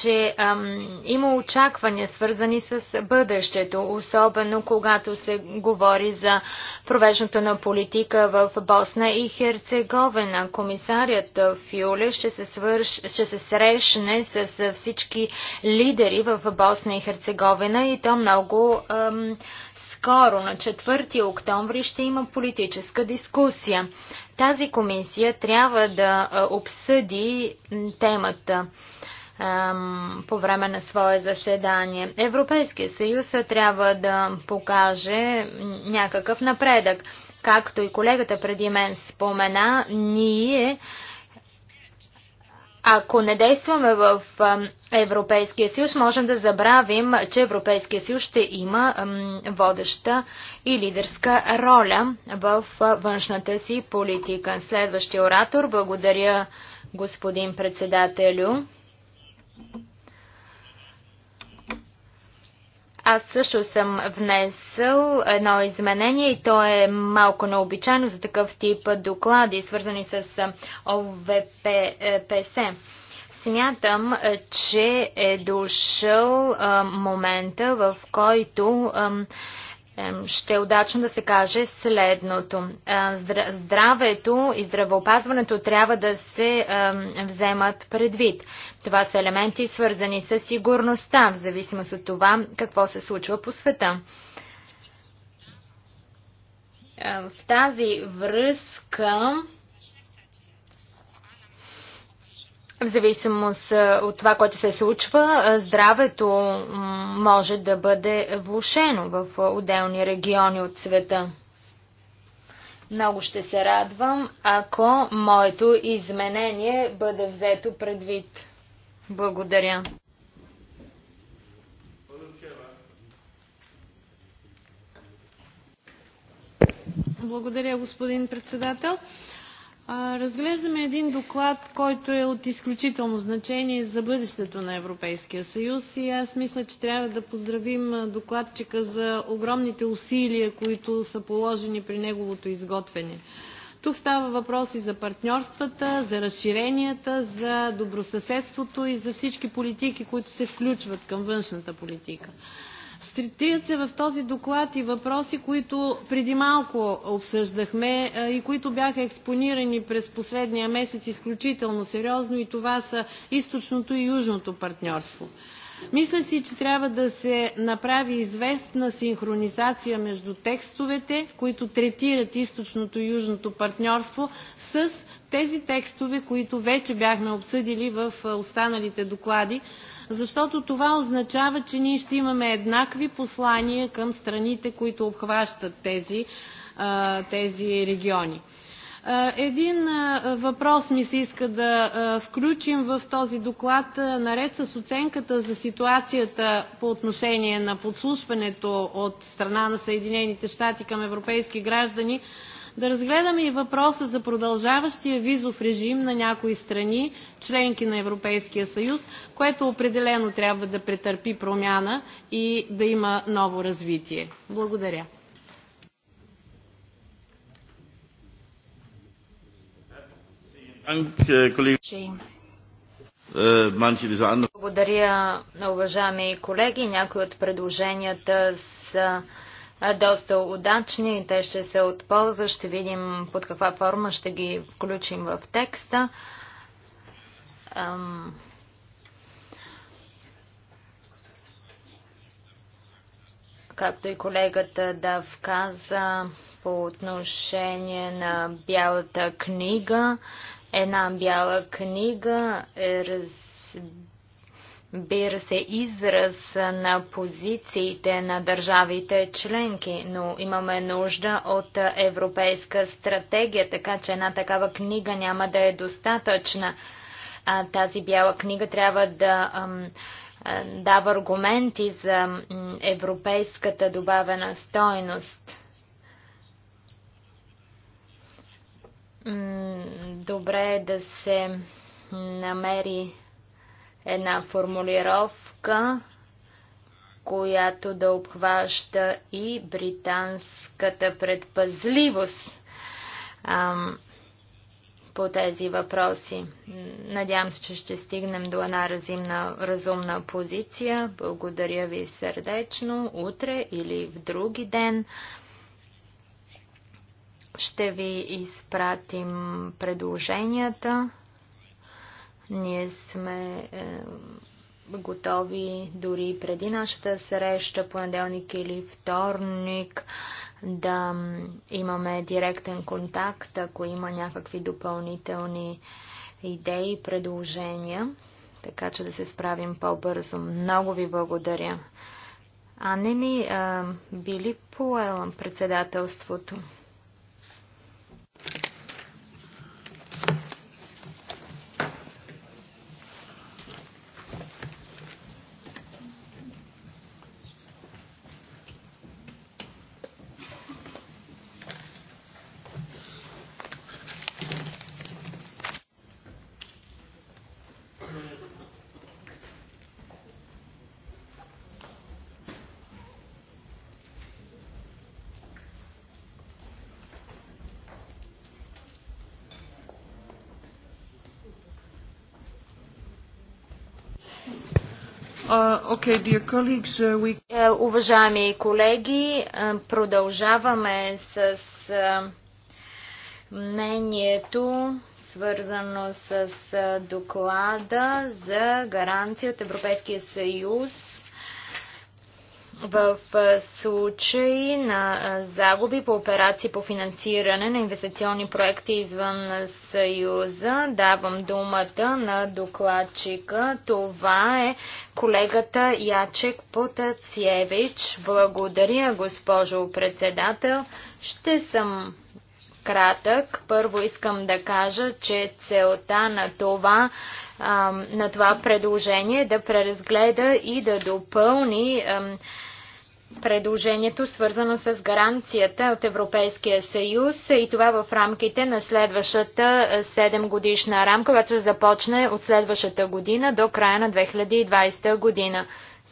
Speaker 3: че ам, има очаквания свързани с бъдещето, особено когато се говори за провеждането на политика в Босна и Херцеговина. Комисарият Фюле ще се, свърш, ще се срещне с всички лидери в Босна и Херцеговина и то много ам, скоро, на 4 октомври, ще има политическа дискусия. Тази комисия трябва да обсъди темата по време на свое заседание. Европейския съюз трябва да покаже някакъв напредък. Както и колегата преди мен спомена, ние ако не действаме в Европейския съюз, можем да забравим, че Европейския съюз ще има водеща и лидерска роля в външната си политика. Следващия оратор, благодаря господин председателю. Аз също съм внесъл едно изменение и то е малко необичайно за такъв тип доклади, свързани с ОВПС. Е Смятам, че е дошъл момента, в който ще е удачно да се каже следното. Е, здравето и здравеопазването трябва да се вземат предвид. Това са елементи, свързани с сигурността, в зависимост от това какво се случва по света. Е, в тази връзка В зависимост от това, което се случва, здравето може да бъде влушено в отделни региони от света. Много ще се радвам, ако моето изменение бъде взето предвид. Благодаря.
Speaker 1: Благодаря, господин председател. Разглеждаме един доклад, който е от изключително значение за бъдещето на Европейския съюз и аз мисля, че трябва да поздравим докладчика за огромните усилия, които са положени при неговото изготвяне. Тук става въпроси за партньорствата, за разширенията, за добросъседството и за всички политики, които се включват към външната политика. Третират се в този доклад и въпроси, които преди малко обсъждахме и които бяха експонирани през последния месец изключително сериозно и това са източното и южното партньорство. Мисля си, че трябва да се направи известна синхронизация между текстовете, които третират източното и южното партньорство, с тези текстове, които вече бяхме обсъдили в останалите доклади, защото това означава, че ние ще имаме еднакви послания към страните, които обхващат тези, тези региони. Един въпрос ми се иска да включим в този доклад, наред с оценката за ситуацията по отношение на подслушването от страна на Съединените щати към европейски граждани, да разгледаме и въпроса за продължаващия визов режим на някои страни, членки на Европейския съюз, което определено трябва да претърпи промяна и да има ново развитие. Благодаря. Е, е,
Speaker 3: Благодаря, уважаеми колеги. Някои от предложенията са доста удачни и те ще се от полза. Ще видим под каква форма ще ги включим в текста. Както и колегата Дав каза по отношение на бялата книга, една бяла книга е разбира разбира се, израз на позициите на държавите членки, но имаме нужда от европейска стратегия, така че една такава книга няма да е достатъчна. А, тази бяла книга трябва да ам, а, дава аргументи за европейската добавена стойност. Добре е да се намери една формулировка, която да обхваща и британската предпазливост ам, по тези въпроси. Надявам се, че ще стигнем до една разумна, разумна позиция. Благодаря ви сърдечно. Утре или в други ден ще ви изпратим предложенията. Ние сме е, готови дори преди нашата среща, понеделник или вторник, да имаме директен контакт, ако има някакви допълнителни идеи и предложения, така че да се справим по-бързо. Много ви благодаря. А не ми а, е, били по председателството. Okay, dear colleagues, uh, we... Е, уважаеми колеги, е, продължаваме с е, мнението, свързано с доклада за гаранция от Европейския съюз в случай на загуби по операции по финансиране на инвестиционни проекти извън Съюза. Давам думата на докладчика. Това е колегата Ячек Потацевич. Благодаря, госпожо председател. Ще съм кратък. Първо искам да кажа, че целта на това, на това предложение е да преразгледа и да допълни предложението, свързано с гаранцията от Европейския съюз и това в рамките на следващата 7 е, годишна рамка, която започне от следващата година до края на 2020 година.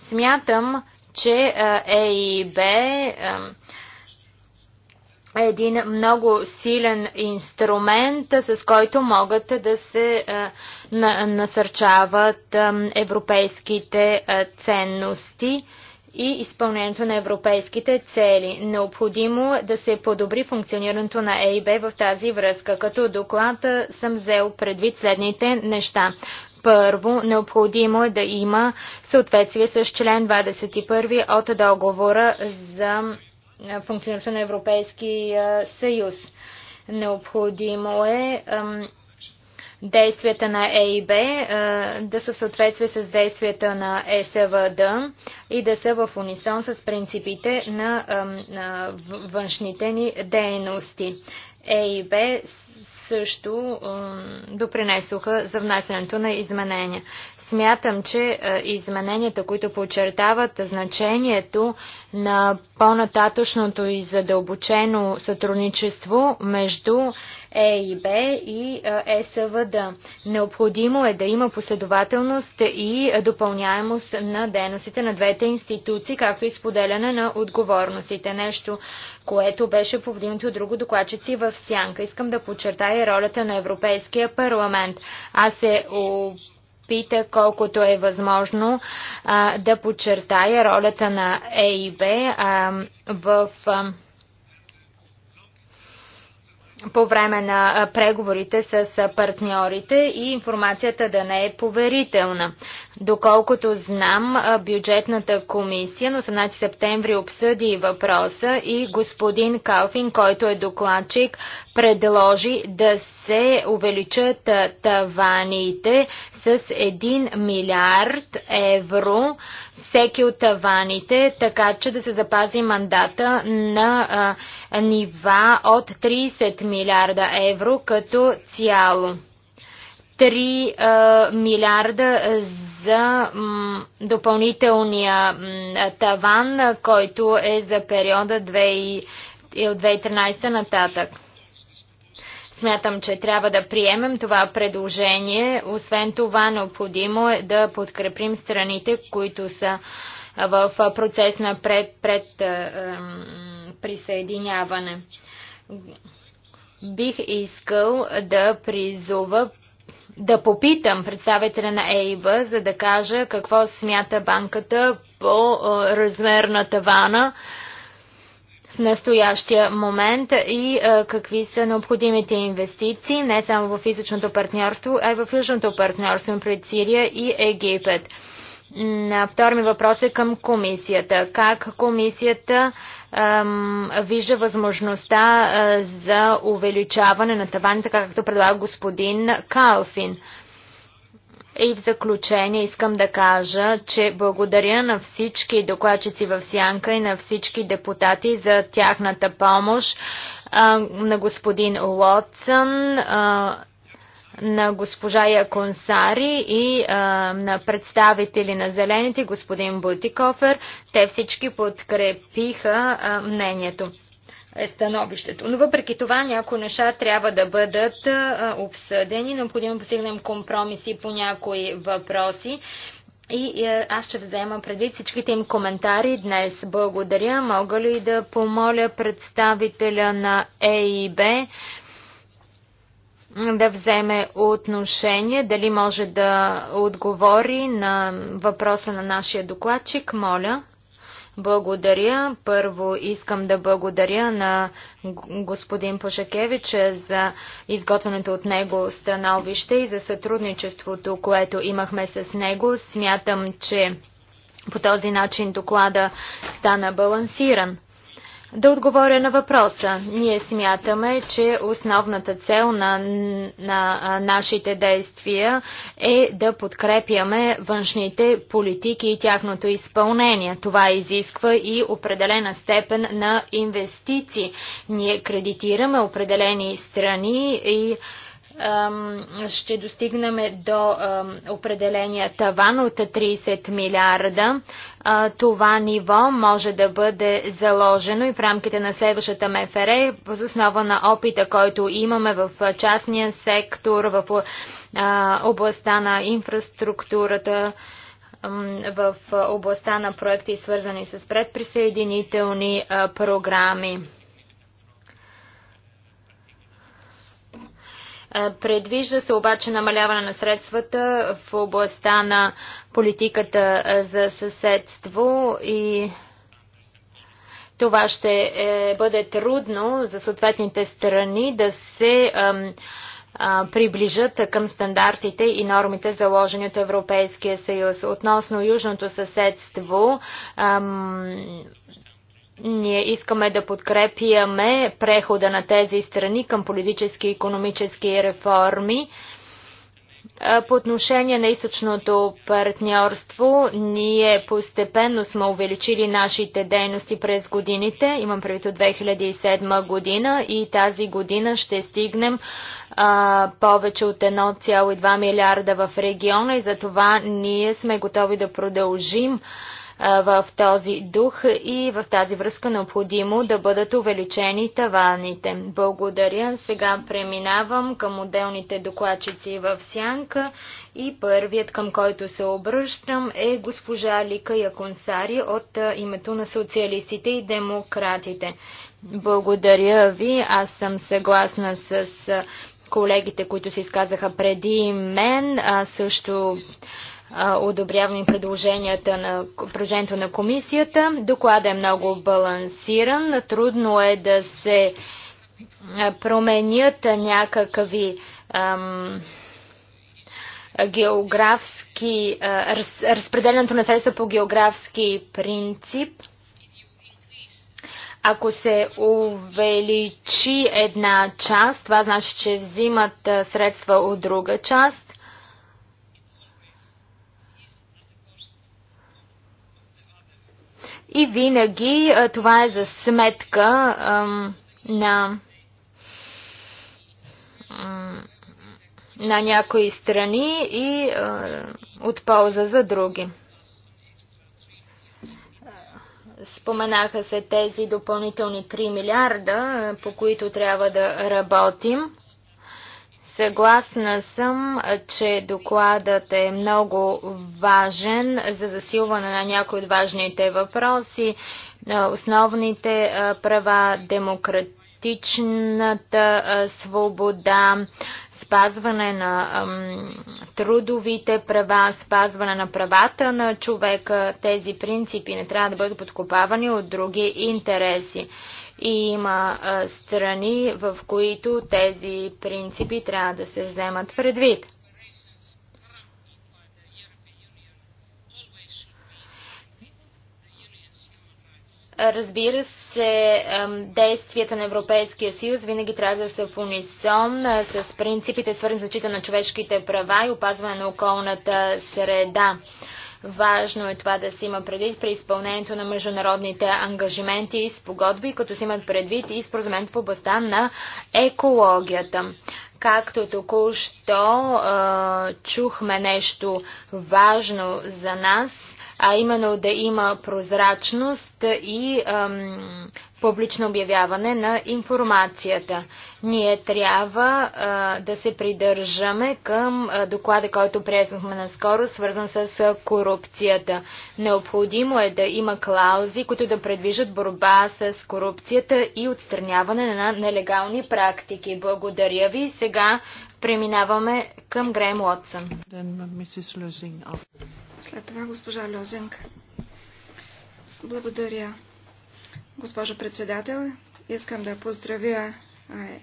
Speaker 3: Смятам, че ЕИБ е, е, е един много силен инструмент, с който могат да се насърчават европейските ценности и изпълнението на европейските цели. Необходимо да се подобри функционирането на ЕИБ в тази връзка. Като доклад съм взел предвид следните неща. Първо, необходимо е да има съответствие с член 21 от договора за функционирането на Европейския съюз. Необходимо е ам, действията на ЕИБ да са в съответствие с действията на ЕСВД и да са в унисон с принципите на, външните ни дейности. ЕИБ също допринесоха за внасянето на изменения. Смятам, че е, измененията, които подчертават значението на по-нататъчното и задълбочено сътрудничество между Е и ЕСВД. Необходимо е да има последователност и допълняемост на дейностите на двете институции, както и споделяне на отговорностите. Нещо, което беше повдигнато от друго докладчици в Сянка. Искам да подчертая ролята на Европейския парламент. Аз се опита колкото е възможно да подчертая ролята на ЕИБ в по време на преговорите с партньорите и информацията да не е поверителна. Доколкото знам, бюджетната комисия на 18 септември обсъди въпроса и господин Калфин, който е докладчик, предложи да се увеличат таваните с 1 милиард евро всеки от таваните, така че да се запази мандата на а, нива от 30 милиарда евро като цяло. 3 а, милиарда за м, допълнителния м, таван, който е за периода 2, от 2013 нататък. Смятам, че трябва да приемем това предложение. Освен това, необходимо е да подкрепим страните, които са в процес на пред, пред присъединяване. Бих искал да призова да попитам представителя на ЕИБА, за да кажа какво смята банката по размер на тавана в настоящия момент и е, какви са необходимите инвестиции не само в източното партньорство, а и в южното партньорство пред Сирия и Египет. На втори ми въпрос е към комисията. Как комисията ем, вижда възможността е, за увеличаване на таваните, така както предлага господин Калфин? И в заключение искам да кажа, че благодаря на всички докладчици в Сянка и на всички депутати за тяхната помощ, на господин Лотсън, на госпожа Яконсари и на представители на Зелените, господин Бутикофер. Те всички подкрепиха мнението е становището. Но въпреки това някои неща трябва да бъдат обсъдени. Необходимо постигнем компромиси по някои въпроси. И е, аз ще взема предвид всичките им коментари днес. Благодаря. Мога ли да помоля представителя на ЕИБ да вземе отношение, дали може да отговори на въпроса на нашия докладчик? Моля. Благодаря. Първо искам да благодаря на господин Пошакевич за изготвеното от него становище и за сътрудничеството, което имахме с него. Смятам, че по този начин доклада стана балансиран. Да отговоря на въпроса. Ние смятаме, че основната цел на, на нашите действия е да подкрепяме външните политики и тяхното изпълнение. Това изисква и определена степен на инвестиции. Ние кредитираме определени страни и ще достигнем до определения таван от 30 милиарда. Това ниво може да бъде заложено и в рамките на следващата МФР, въз основа на опита, който имаме в частния сектор, в областта на инфраструктурата, в областта на проекти, свързани с предприсъединителни програми. Е, предвижда се обаче намаляване на средствата в областта на политиката е, за съседство и това ще е, бъде трудно за съответните страни да се приближат към стандартите и нормите, заложени от Европейския съюз. Относно южното съседство, ние искаме да подкрепяме прехода на тези страни към политически и економически реформи. По отношение на източното партньорство, ние постепенно сме увеличили нашите дейности през годините. Имам правито 2007 година и тази година ще стигнем а, повече от 1,2 милиарда в региона и за това ние сме готови да продължим а, в този дух и в тази връзка необходимо да бъдат увеличени таваните. Благодаря. Сега преминавам към отделните докладчици в сянка и първият към който се обръщам е госпожа Лика Яконсари от името на социалистите и демократите. Благодаря ви. Аз съм съгласна с колегите, които се изказаха преди мен, а също одобряваме предложенията на, предложението на комисията. Доклада е много балансиран. Трудно е да се променят някакви ам, географски, а, раз, разпределянето на средства по географски принцип. Ако се увеличи една част, това значи, че взимат средства от друга част И винаги това е за сметка на, на някои страни и от полза за други. Споменаха се тези допълнителни 3 милиарда, по които трябва да работим. Съгласна съм, че докладът е много важен за засилване на някои от важните въпроси, основните права, демократичната свобода, спазване на трудовите права, спазване на правата на човека. Тези принципи не трябва да бъдат подкопавани от други интереси. И има а, страни, в които тези принципи трябва да се вземат предвид. Разбира се, действията на Европейския съюз винаги трябва да са в унисон с принципите свързани с защита на човешките права и опазване на околната среда. Важно е това да се има предвид при изпълнението на международните ангажименти и спогодби, като се имат предвид и споразумент в областта на екологията. Както току-що е, чухме нещо важно за нас, а именно да има прозрачност и публично обявяване на информацията. Ние трябва а, да се придържаме към а, доклада, който преснахме наскоро, свързан с а, корупцията. Необходимо е да има клаузи, които да предвижат борба с корупцията и отстраняване на нелегални практики. Благодаря ви. Сега преминаваме към Грем Уотсън.
Speaker 1: Uh,
Speaker 3: След това
Speaker 4: госпожа Лозинг. Благодаря. Госпожо председател, искам да поздравя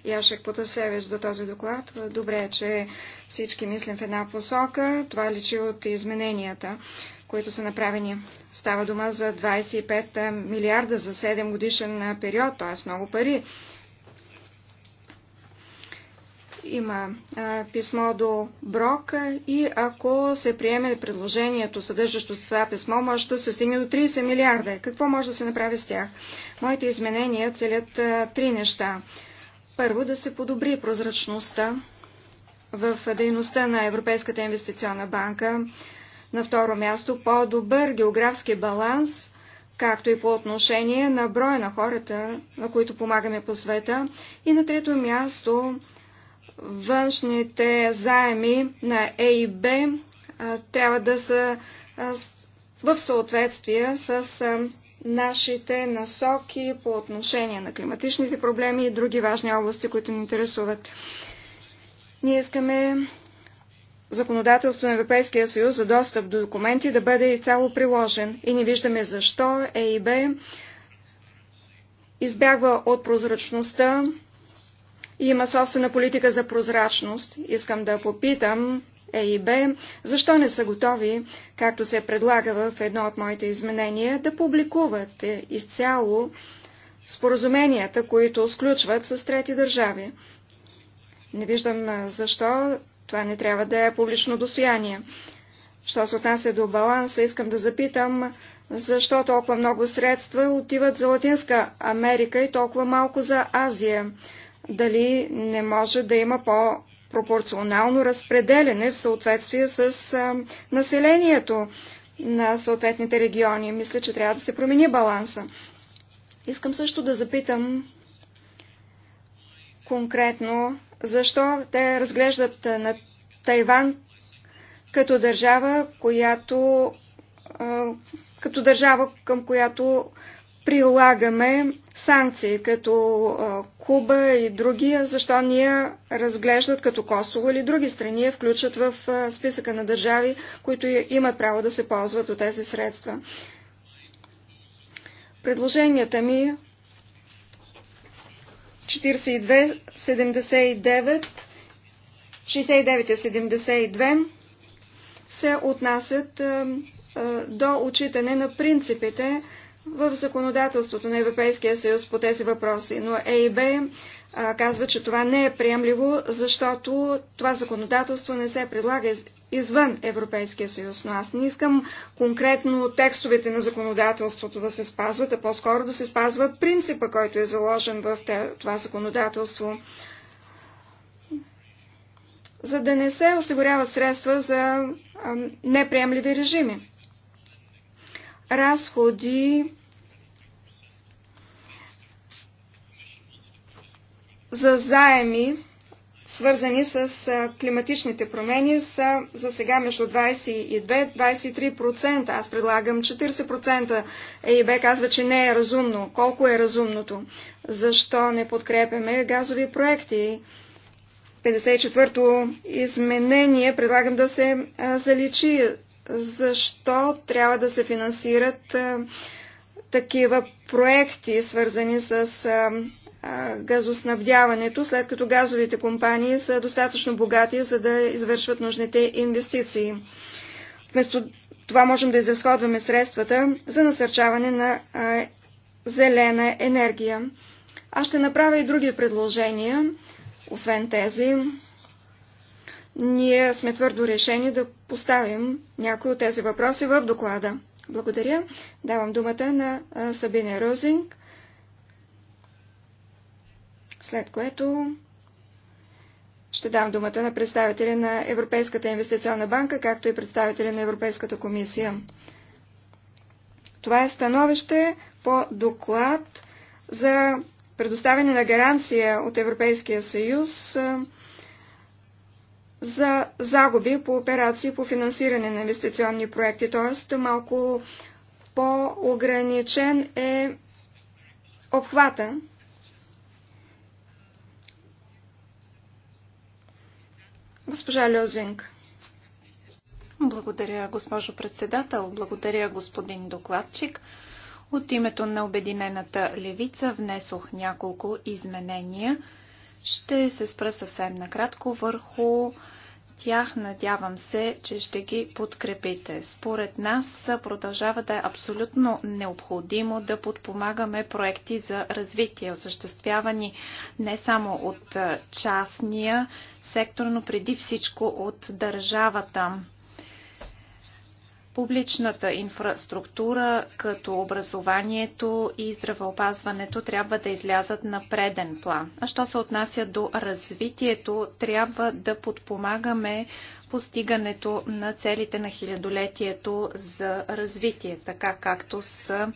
Speaker 4: Яшек Потасевич за този доклад. Добре е, че всички мислим в една посока. Това личи от измененията, които са направени. Става дума за 25 милиарда за 7 годишен период, т.е. много пари. Има а, писмо до Брок и ако се приеме предложението, съдържащо с това писмо, може да се стигне до 30 милиарда. Какво може да се направи с тях? Моите изменения целят а, три неща. Първо, да се подобри прозрачността в дейността на Европейската инвестиционна банка. На второ място, по-добър географски баланс – както и по отношение на броя на хората, на които помагаме по света, и на трето място външните заеми на ЕИБ трябва да са в съответствие с нашите насоки по отношение на климатичните проблеми и други важни области, които ни интересуват. Ние искаме законодателство на Европейския съюз за достъп до документи да бъде изцяло приложен и не виждаме защо ЕИБ избягва от прозрачността има собствена политика за прозрачност. Искам да попитам Е и Б, защо не са готови, както се предлага в едно от моите изменения, да публикуват изцяло споразуменията, които сключват с трети държави. Не виждам защо това не трябва да е публично достояние. Що се отнася до баланса, искам да запитам, защо толкова много средства отиват за Латинска Америка и толкова малко за Азия дали не може да има по-пропорционално разпределене в съответствие с населението на съответните региони. Мисля, че трябва да се промени баланса. Искам също да запитам конкретно защо те разглеждат на Тайван като държава, която, като държава, към която прилагаме санкции като Куба и други, защо ние разглеждат като Косово или други страни я включат в списъка на държави, които имат право да се ползват от тези средства. Предложенията ми 42, 69 и 72 се отнасят до отчитане на принципите в законодателството на Европейския съюз по тези въпроси, но ЕИБ казва, че това не е приемливо, защото това законодателство не се предлага извън Европейския съюз. Но аз не искам конкретно текстовете на законодателството да се спазват, а по-скоро да се спазва принципа, който е заложен в това законодателство. За да не се осигурява средства за неприемливи режими разходи за заеми, свързани с климатичните промени, са за сега между 22-23%. Аз предлагам 40%. ЕИБ казва, че не е разумно. Колко е разумното? Защо не подкрепяме газови проекти? 54-то изменение предлагам да се заличи. Защо трябва да се финансират такива проекти, свързани с газоснабдяването, след като газовите компании са достатъчно богати, за да извършват нужните инвестиции. Вместо това можем да изразходваме средствата за насърчаване на а, зелена енергия. Аз ще направя и други предложения, освен тези. Ние сме твърдо решени да поставим някои от тези въпроси в доклада. Благодаря. Давам думата на Сабине Розинг след което ще дам думата на представители на Европейската инвестиционна банка, както и представители на Европейската комисия. Това е становище по доклад за предоставяне на гаранция от Европейския съюз за загуби по операции по финансиране на инвестиционни проекти, т.е. малко по-ограничен е обхвата
Speaker 2: Госпожа Льозинг, Благодаря, госпожо председател. Благодаря, господин докладчик. От името на Обединената левица внесох няколко изменения. Ще се спра съвсем накратко върху тях. Надявам се, че ще ги подкрепите. Според нас продължава да е абсолютно необходимо да подпомагаме проекти за развитие, осъществявани не само от частния сектор, но преди всичко от държавата. Публичната инфраструктура, като образованието и здравеопазването, трябва да излязат на преден план. А що се отнася до развитието, трябва да подпомагаме постигането на целите на хилядолетието за развитие, така както са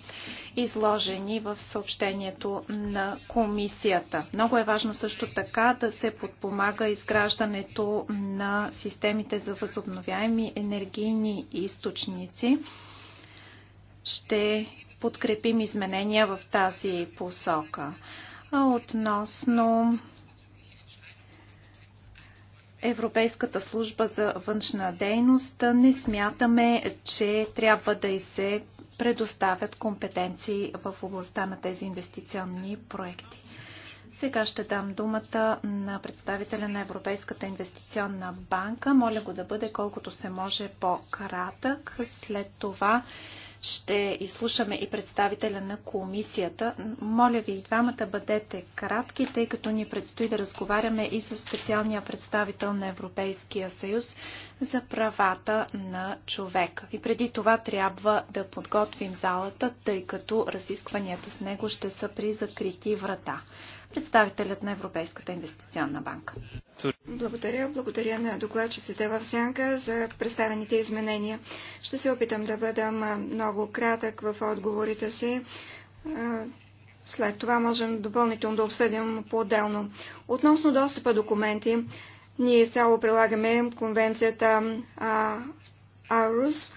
Speaker 2: изложени в съобщението на комисията. Много е важно също така да се подпомага изграждането на системите за възобновяеми енергийни източници. Ще подкрепим изменения в тази посока. Относно Европейската служба за външна дейност не смятаме, че трябва да й се предоставят компетенции в областта на тези инвестиционни проекти. Сега ще дам думата на представителя на Европейската инвестиционна банка. Моля го да бъде колкото се може по-кратък. След това ще изслушаме и представителя на комисията. Моля ви, двамата бъдете кратки, тъй като ни предстои да разговаряме и с специалния представител на Европейския съюз за правата на човека. И преди това трябва да подготвим залата, тъй като разискванията с него ще са при закрити врата представителят на Европейската инвестиционна банка. Благодаря. Благодаря на докладчиците
Speaker 4: в Сянка за представените изменения. Ще се опитам да бъда много кратък в отговорите си. След това можем допълнително да обсъдим по-отделно. Относно достъпа документи, ние изцяло прилагаме конвенцията АРУС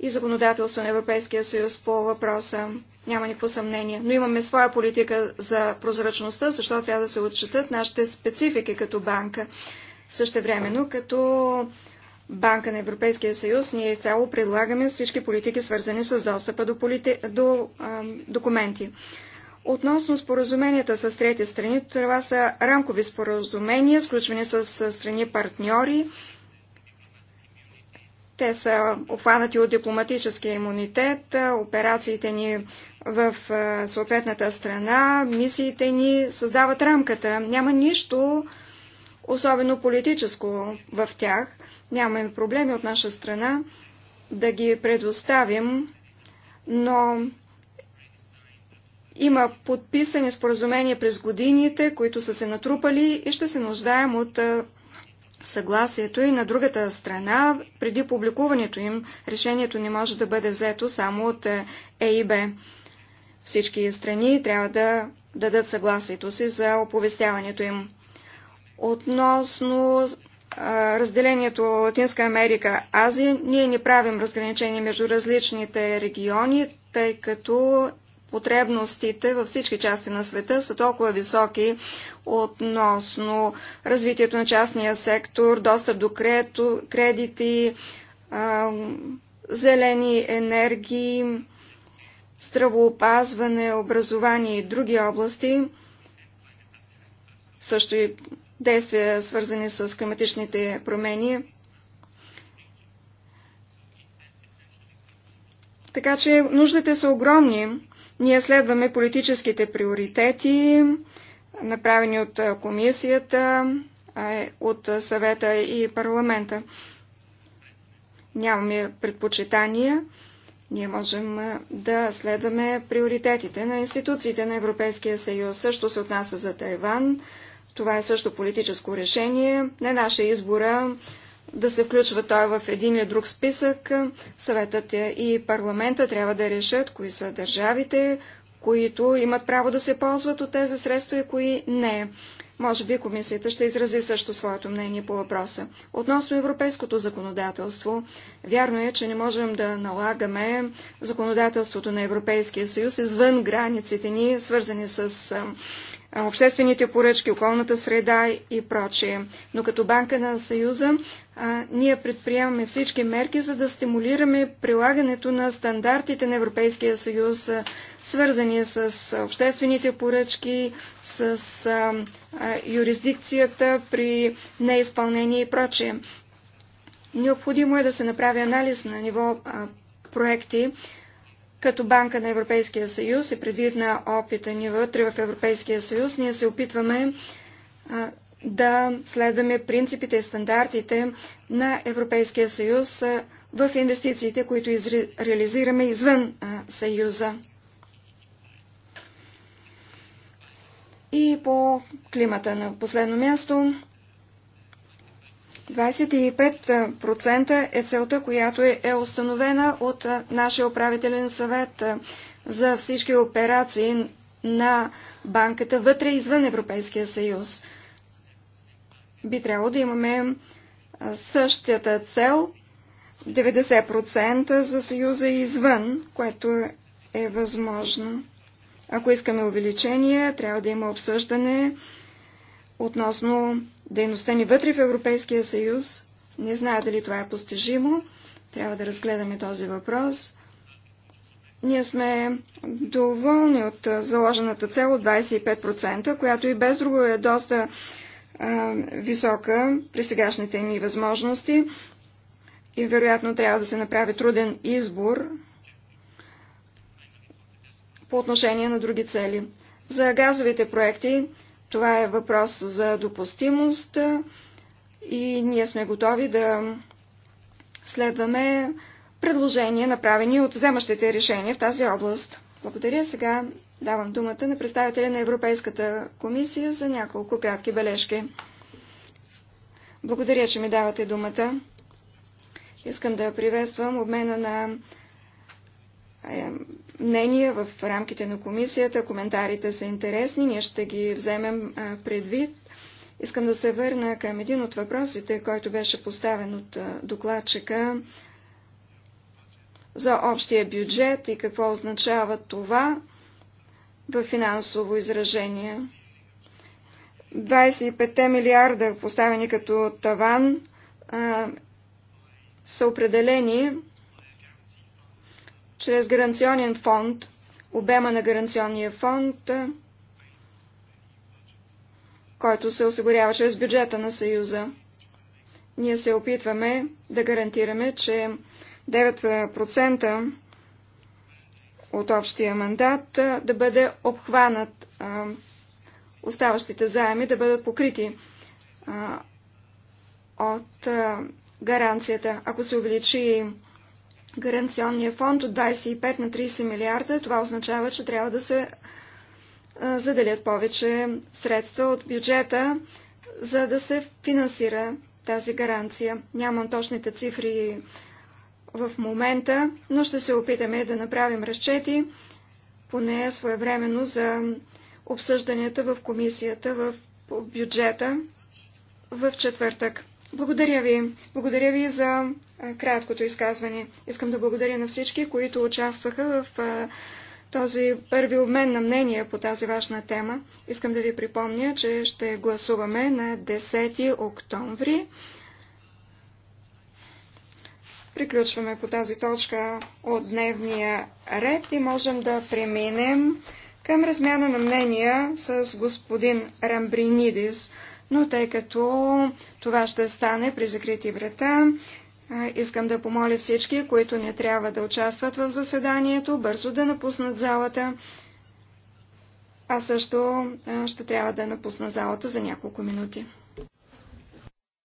Speaker 4: и законодателство на Европейския съюз по въпроса няма никакво съмнение. Но имаме своя политика за прозрачността, защото трябва да се отчитат нашите специфики като банка. Същевременно, като банка на Европейския съюз, ние цяло предлагаме всички политики, свързани с достъпа до, полите... до ам, документи. Относно споразуменията с трети страни, това са рамкови споразумения, сключвани с страни партньори. Те са обхванати от дипломатическия имунитет. Операциите ни в съответната страна, мисиите ни създават рамката. Няма нищо особено политическо в тях. Нямаме проблеми от наша страна да ги предоставим, но има подписани споразумения през годините, които са се натрупали и ще се нуждаем от съгласието и на другата страна. Преди публикуването им решението не може да бъде взето само от ЕИБ. Всички страни трябва да дадат съгласието си за оповестяването им. Относно а, разделението Латинска Америка, Азия, ние не правим разграничение между различните региони, тъй като потребностите във всички части на света са толкова високи относно развитието на частния сектор, достъп до кредити, а, зелени енергии, здравоопазване, образование и други области, също и действия свързани с климатичните промени. Така че нуждите са огромни. Ние следваме политическите приоритети, направени от комисията, е, от съвета и парламента. Нямаме предпочитания. Ние можем да следваме приоритетите на институциите на Европейския съюз. Също се отнася за Тайван. Това е също политическо решение. Не наша избора да се включва той в един или друг списък. Съветът е и парламента трябва да решат кои са държавите, които имат право да се ползват от тези средства и кои не. Може би комисията ще изрази също своето мнение по въпроса. Относно европейското законодателство, вярно е, че не можем да налагаме законодателството на Европейския съюз извън границите ни, свързани с обществените поръчки, околната среда и прочее. Но като банка на Съюза а, ние предприемаме всички мерки, за да стимулираме прилагането на стандартите на Европейския съюз, а, свързани с обществените поръчки, с а, а, юрисдикцията при неизпълнение и прочее. Необходимо е да се направи анализ на ниво а, проекти, като банка на Европейския съюз и предвид на опита ни вътре в Европейския съюз, ние се опитваме а, да следваме принципите и стандартите на Европейския съюз а, в инвестициите, които изре, реализираме извън а, съюза. И по климата на последно място 25% е целта, която е, е установена от нашия управителен съвет за всички операции на банката вътре и извън Европейския съюз. Би трябвало да имаме същата цел 90% за съюза извън, което е възможно. Ако искаме увеличение, трябва да има обсъждане относно дейността ни вътре в Европейския съюз. Не зная дали това е постижимо. Трябва да разгледаме този въпрос. Ние сме доволни от заложената цел от 25%, която и без друго е доста а, висока при сегашните ни възможности и вероятно трябва да се направи труден избор по отношение на други цели. За газовите проекти това е въпрос за допустимост и ние сме готови да следваме предложения, направени от вземащите решения в тази област. Благодаря. Сега давам думата на представителя на Европейската комисия за няколко кратки бележки. Благодаря, че ми давате думата. Искам да приветствам обмена на мнения в рамките на комисията. Коментарите са интересни, ние ще ги вземем предвид. Искам да се върна към един от въпросите, който беше поставен от докладчика за общия бюджет и какво означава това в финансово изражение. 25 милиарда, поставени като таван, са определени чрез гаранционен фонд, обема на гаранционния фонд, който се осигурява чрез бюджета на Съюза. Ние се опитваме да гарантираме, че 9% от общия мандат да бъде обхванат, оставащите заеми да бъдат покрити от гаранцията. Ако се увеличи гаранционния фонд от 25 на 30 милиарда. Това означава, че трябва да се заделят повече средства от бюджета, за да се финансира тази гаранция. Нямам точните цифри в момента, но ще се опитаме да направим разчети, поне своевременно за обсъжданията в комисията в бюджета в четвъртък. Благодаря ви. Благодаря ви за краткото изказване. Искам да благодаря на всички, които участваха в този първи обмен на мнения по тази важна тема. Искам да ви припомня, че ще гласуваме на 10 октомври. Приключваме по тази точка от дневния ред и можем да преминем към размяна на мнения с господин Рамбринидис но тъй като това ще стане при закрити врата, искам да помоля всички, които не трябва да участват в заседанието, бързо да напуснат залата. Аз също ще трябва да напусна залата за няколко минути.